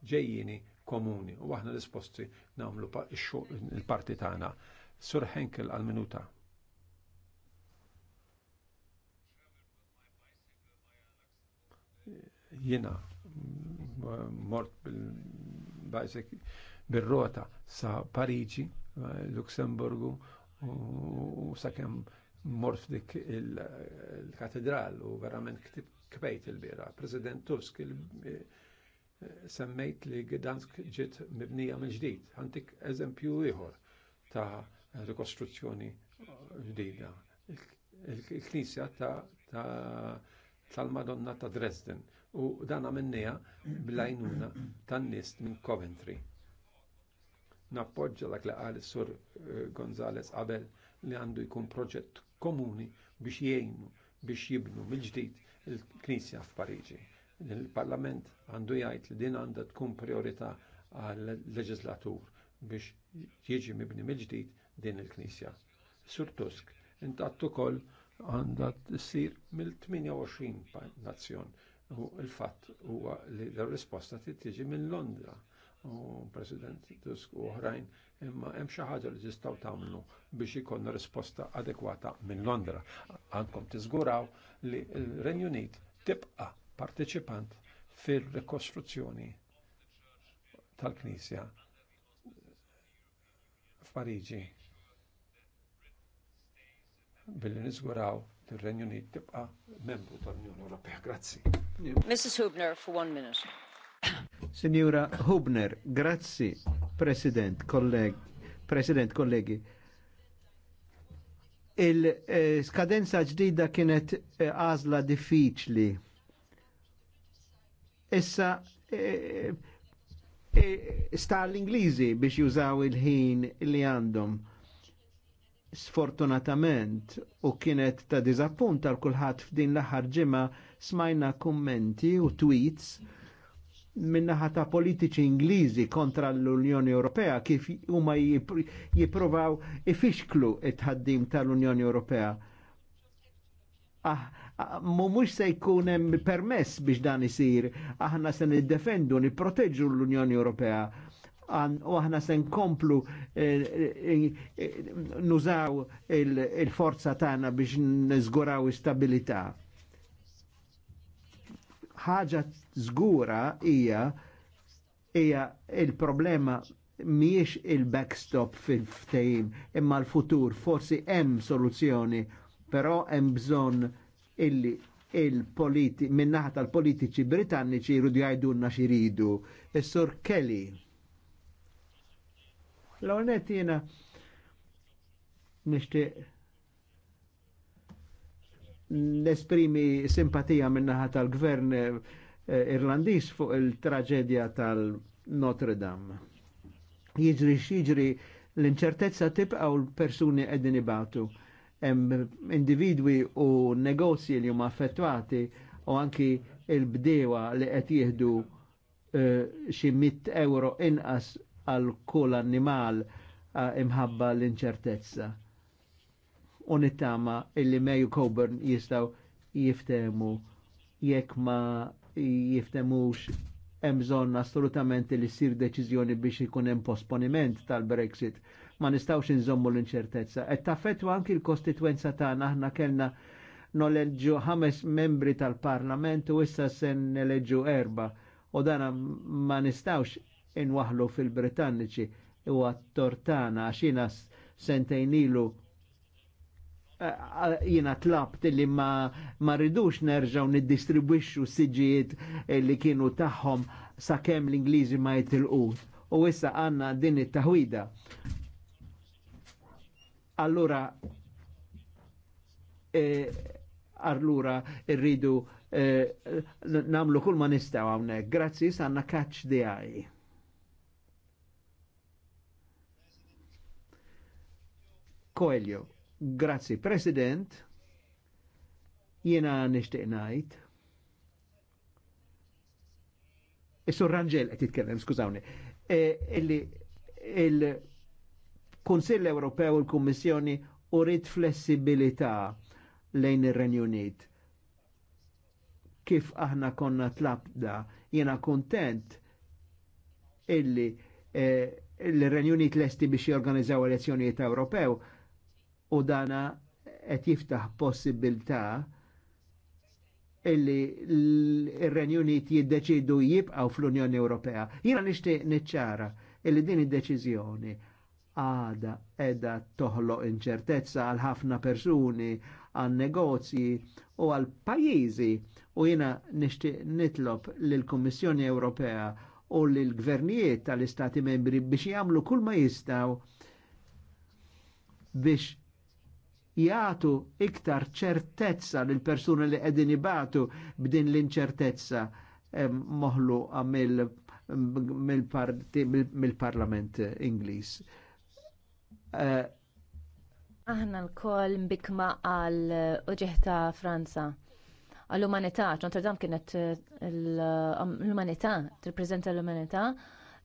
ġejjini komuni u aħna disposti nagħmlu il-parti tagħna. Sur Henkel għal-minuta. jina mort bil bajsek bir-rota sa Pariġi, eh, Luxemburgu u sakemm morf dik il-katedral u verament kbejt il-bira. President Tusk eh, semmejt li Gdansk ġiet mibnija minn ġdid. Għantik eżempju ieħor ta' rikostruzzjoni ġdida. Il-Knisja ta' tal-Madonna ta' Dresden u dan għamennija bl-għajnuna tan-nist minn Coventry. Nappoġġa dak li qal sur eh, Gonzales qabel li għandu jkun proġett komuni biex jgħinu biex jibnu mill-ġdid il-Knisja f'Pariġi. Il-Parlament għandu jgħid li din għandha tkun priorità għal leġislatur biex jiġi mibni mill-ġdid din il-Knisja. Sur Tusk, intatt ukoll għandha tsir mill-28 nazzjon U il-fatt huwa li l-risposta tiġi minn Londra u President Tusk u oħrajn imma hemm xi ħaġa li tistgħu tagħmlu biex ikonna risposta adekwata minn Londra. Ankom tiżguraw li l-Renju Unit tibqa' parteċipant fil-rekostruzzjoni tal-Knisja f'Pariġi billi niżguraw ir-Renju tibqa' membru tal-Unjoni Ewropea. Grazzi. Mrs. Hubner for one minute. Signora Hubner, grazzi, President, kolleg, President, kollegi. Il-skadenza eh, ġdida kienet eh, azla diffiċli. Issa eh, eh, sta l-Ingliżi biex jużaw il-ħin li għandhom sfortunatament u kienet ta' dizappunt għal kulħadd f'din l-aħħar ġimgħa smajna kummenti u tweets minnaħa ta' politiċi Ingliżi kontra l-Unjoni Ewropea kif huma jippruvaw ifixklu it-ħaddim tal-Unjoni Ewropea. Ah, ah mumux se jkun hemm permess biex dan isir, aħna se niddefendu, nipproteġu l-Unjoni Ewropea għan u aħna sen komplu eh, eh, eh, nużaw il-forza tagħna biex nizguraw istabilità. Ħaġa żgura hija hija il-problema miex il-backstop fil-ftejim imma l-futur forsi hemm soluzzjoni però hemm bżonn illi il-politi minnaħta l politiċi britanniċi jridu jgħidulna xiridu. Is-Sur Kelly. L-għonet jena nishtiq nesprimi simpatija minnaħa tal-gvern eh, irlandis fuq il-traġedja tal-Notre Dame. Jiġri xiġri l-inċertezza u l-persuni għedin ibatu. Individwi u negozji li huma affettwati u anki il-bdewa li qed jihdu eh, xi uh, 100 euro inqas għal kull annimal eh, imħabba l-inċertezza. Unittama illi Mayu Coburn jistaw jiftemu jekk ma jiftemux emżon assolutament li sir deċizjoni biex ikun hemm posponiment tal-Brexit. Ma nistawx inżommu l-inċertezza. Et taffettu anki l-kostituenza tagħna aħna kellna noleġġu ħames membri tal-Parlament u issa se neleġġu erba' u dan ma nistawx inwaħlu fil-Britanniċi u għat-tortana għaxina sentejnilu jina tlabt li ma, ma ridux nerġaw niddistribwixxu siġijiet li kienu tagħhom sakemm l-Ingliżi ma jitilqu. U issa għanna din it-taħwida. Allura e, allura irridu e, namlu kull ma nistgħu hawnhekk. Grazzi sanna kaċ di Coelho. Grazzi, President. Jena nishtiq najt. Issu sur Rangel qed jitkellem, skużawni. E, illi il-Kunsill Ewropew il-Kommissjoni, kummissjoni urid flessibilità lejn il renju Kif aħna konna tlabda, jena kontent illi e, il renju Unit lesti biex jorganizzaw elezzjonijiet Ewropew, u dana qed jiftaħ possibilità illi il-Renju Unit jiddeċidu jibqgħu fl-Unjoni Ewropea. Jiena nixtieq niċċara illi din id-deċiżjoni għada edha toħloq inċertezza għal ħafna persuni, għal negozji u għal pajjiżi u jiena nixtieq nitlob lill-Kummissjoni Ewropea u lill-gvernijiet tal-Istati membri biex jagħmlu kull ma jistgħu biex jgħatu iktar ċertezza lil persuna li qegħdin ibatu b'din l-inċertezza eh, moħlu mill-Parlament Ingliż. Eh, Aħna l-koll mbikma għal uġeħta Franza. Għall-umanità, Notre Dame kienet eh, um, l-umanità, t-reprezenta l-umanità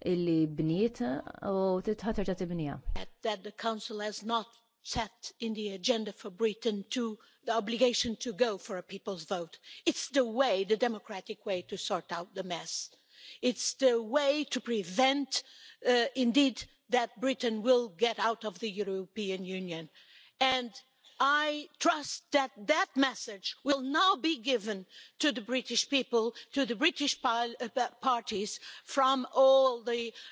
illi bniet u t-bnija. That the council has not set in the agenda for britain to the obligation to go for a people's vote. it's the way the democratic way to sort out the mess. it's the way to prevent uh, indeed that britain will get out of the european union and i trust that that message will now be given to the british people to the british uh, parties from all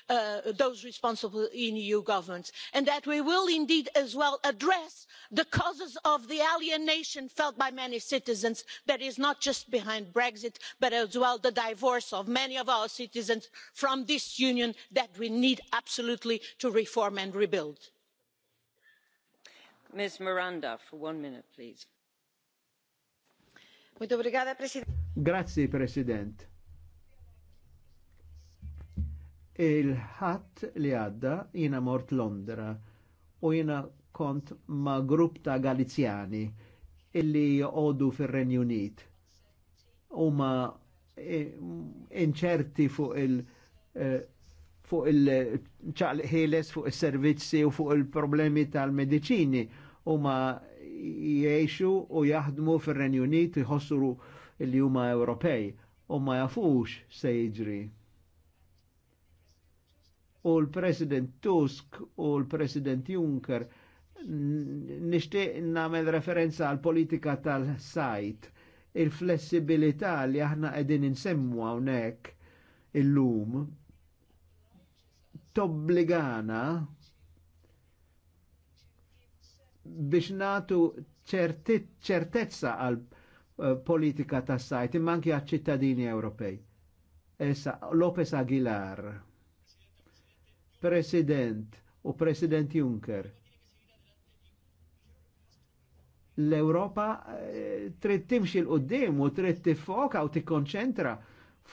uh, those responsible in e eu governments and that we will indeed as well address the causes of the alienation felt by many citizens that is not just behind brexit but as well the divorce of many of our citizens from this union that we need absolutely to reform and rebuild signora presidente onorevoli colleghi Il-ħadd li għadda jiena mort Londra u jiena kont ma' grupp ta' Galizjani illi joqogħdu fir-Renju Unit. Huma eh, inċerti fuq il- eh, fuq il-ċaqliq ħieles, fuq is-servizzi u fuq il-problemi tal-mediċini huma jiexu u jaħdmu fir-Renju Unit jħossuru li huma Ewropej u ma jafux se jiġri. U l-President Tusk u l-President Juncker nishtiq namel referenza għal politika tal-sajt il-flessibilità li aħna qegħdin insemmu hawnhekk illum tobligana biex natu ċertezza għal eh, politika ta' sajt imma anki għal ċittadini Ewropej. Esa, Lopez Aguilar, President u President Juncker. L-Europa eh, trid timxi l-qoddim u trid tifoka u tikkonċentra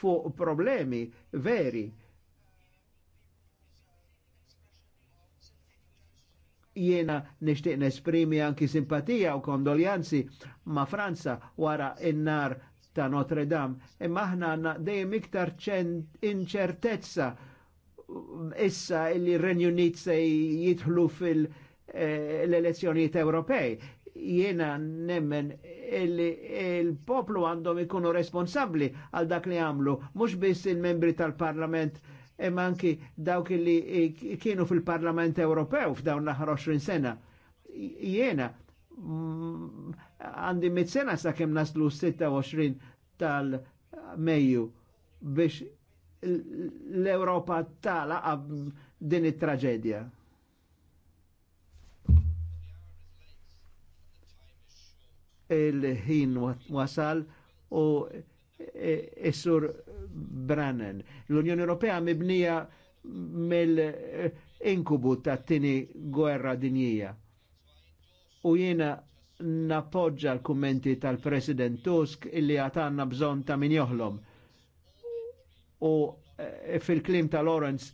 fuq problemi veri jiena nishtiq nesprimi anki simpatija u kondoljanzi ma' Franza wara in-nar ta' Notre Dame, imma aħna għandna dejjem iktar inċertezza issa illi renju Unit se jidħlu fil-elezzjonijiet eh, Ewropej. Jiena nemmen il-poplu għandhom ikunu responsabli għal dak li għamlu, mhux biss il-membri tal-Parlament imma anki dawk li eh, kienu fil-Parlament Ewropew f'dawn l-aħħar 20 sena. Jiena mm, għandi mit sena sa' kem naslu 26 tal-Mejju biex l-Europa tala din it-traġedja. Il-ħin wasal u Essur eh, eh, Brannen. L-Unjoni Ewropea mibnija mill-inkubu eh, ta' tini gwerra dinjija. U jiena nappoġġa l-kummenti tal-President Tusk illi għatanna bżon ta' min joħlom. U fil-klim ta' Lawrence,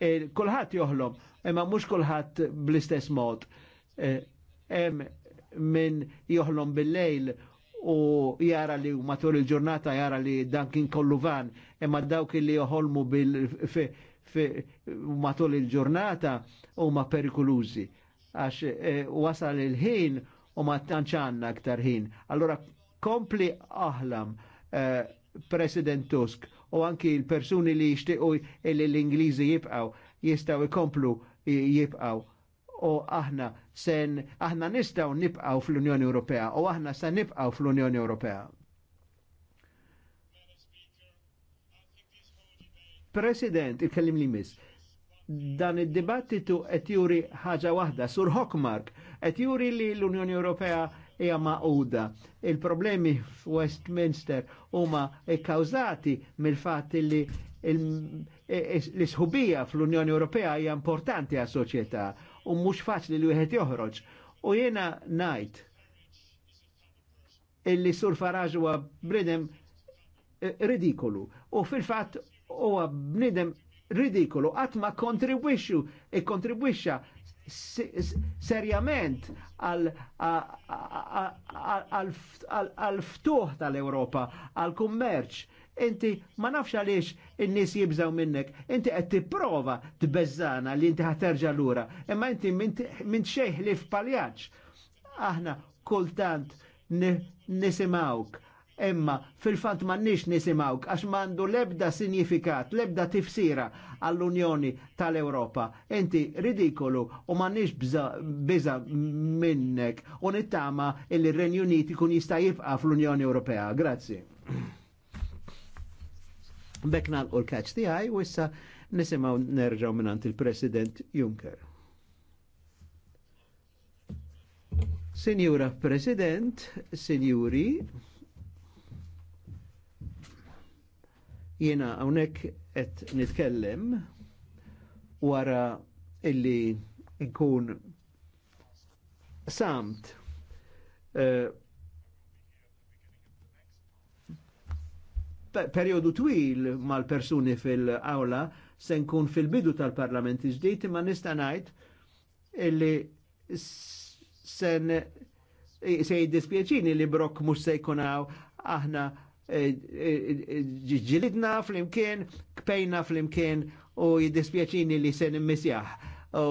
kulħadd joħlom, imma mhux kulħadd bl-istess mod. Hemm min joħlom bil-lejl u jara li matul il-ġurnata jara li dan kien kollu van, imma dawk li joħolmu bil matul il-ġurnata u ma perikolużi. Għax e, wasal il-ħin u ma tanċanna aktar ħin. Allora kompli aħlam e, President Tusk u anki il-persuni li jishtiqu li l-Ingliżi jibqaw jistaw ikomplu jibqaw u aħna sen aħna nistgħu nibqaw fl-Unjoni Ewropea u aħna se nibqgħu fl-Unjoni Ewropea. President, il-kellim li mis, dan id-dibattitu qed juri ħaġa waħda sur Hockmark qed juri li l-Unjoni Ewropea hija maquda. Il-problemi f'Westminster huma kkawżati mill-fatt li l isħubija fl-Unjoni Ewropea hija importanti għas-soċjetà u mhux faċli li wieħed joħroġ. U jiena ngħid illi sur Faraġ huwa bnidem eh, ridikolu. U fil-fatt huwa bnidem ridikolu qatt ma kontribwixxu e kontribwixxa serjament għal ftuħ tal-Europa, għal kummerċ, Inti ma nafx għaliex in-nies jibżaw minnek. Inti qed tipprova tbeżżana li inti ħaterġa' lura, imma inti minn xejħ li f'paljaġġ. Aħna kultant nisimawk imma fil fatt m'għandniex nisimawk għax l lebda sinifikat, lebda tifsira għall-Unjoni tal ewropa Inti ridikolu u m'għandniex biża' minnek u nittama il-Renju Uniti kun jista' jibqa fl-Unjoni Ewropea. Grazzi bekna l catch kaċ tiegħi u issa nisimaw nerġaw minant il-President Juncker. Sinjura President, Sinjuri, jena għonek et nitkellem wara illi nkun samt uh, periodu twil mal-persuni fil-awla se nkun fil-bidu tal-parlament iġdijt imma nista' ngħid illi sen se jiddispieċini li brok mux se jkunaw aħna e, e, e, ġilidna fl-imkien, kpejna fl-imkien u jiddispjaċini li sen immisjaħ u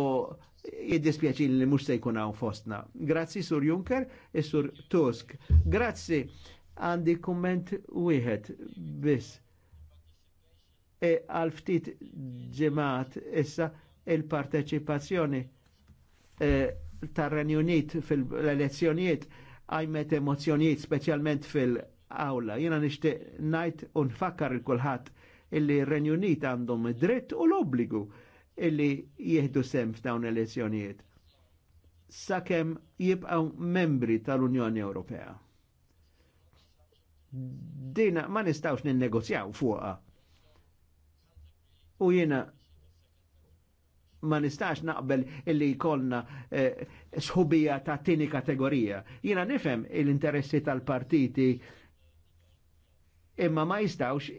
jiddispjaċini li mux se jkunaw fostna. Grazzi Sur Juncker e Sur Tusk. Grazzi għandi komment wieħed biss. E għal ftit ġemat issa il-parteċipazzjoni e, tar-Renju Unit fil-elezzjonijiet għajmet emozjonijiet speċjalment fil-awla. Jena nishtiq najt unfakkar il-kulħat illi Renju Unit għandhom dritt u l-obbligu illi jieħdu sem f'dawn elezzjonijiet sakemm jibqgħu membri tal-Unjoni Ewropea dina ma nistawx ninnegozjaw fuqa. U jiena ma nistax naqbel illi jkollna eh, sħubija ta' tini kategorija. Jiena nifhem l-interessi tal-partiti imma ma jistawx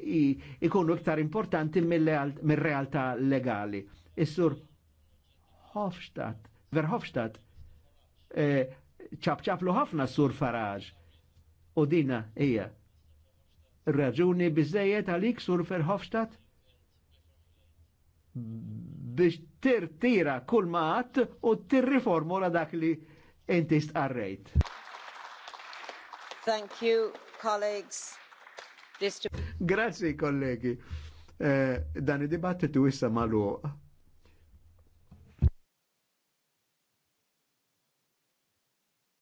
ikunu iktar importanti mill-realtà legali. Is-sur Hofstadt, Verhofstadt, eh, ċabċablu eh, ħafna sur Faraġ u dina hija raġuni bizzejiet għalik sur Verhofstadt biex tir-tira kull maħat u tirriformola dak li inti stqarrejt. Thank you, colleagues. Grazie, kollegi. Eh, dan id-dibattitu issa maluq.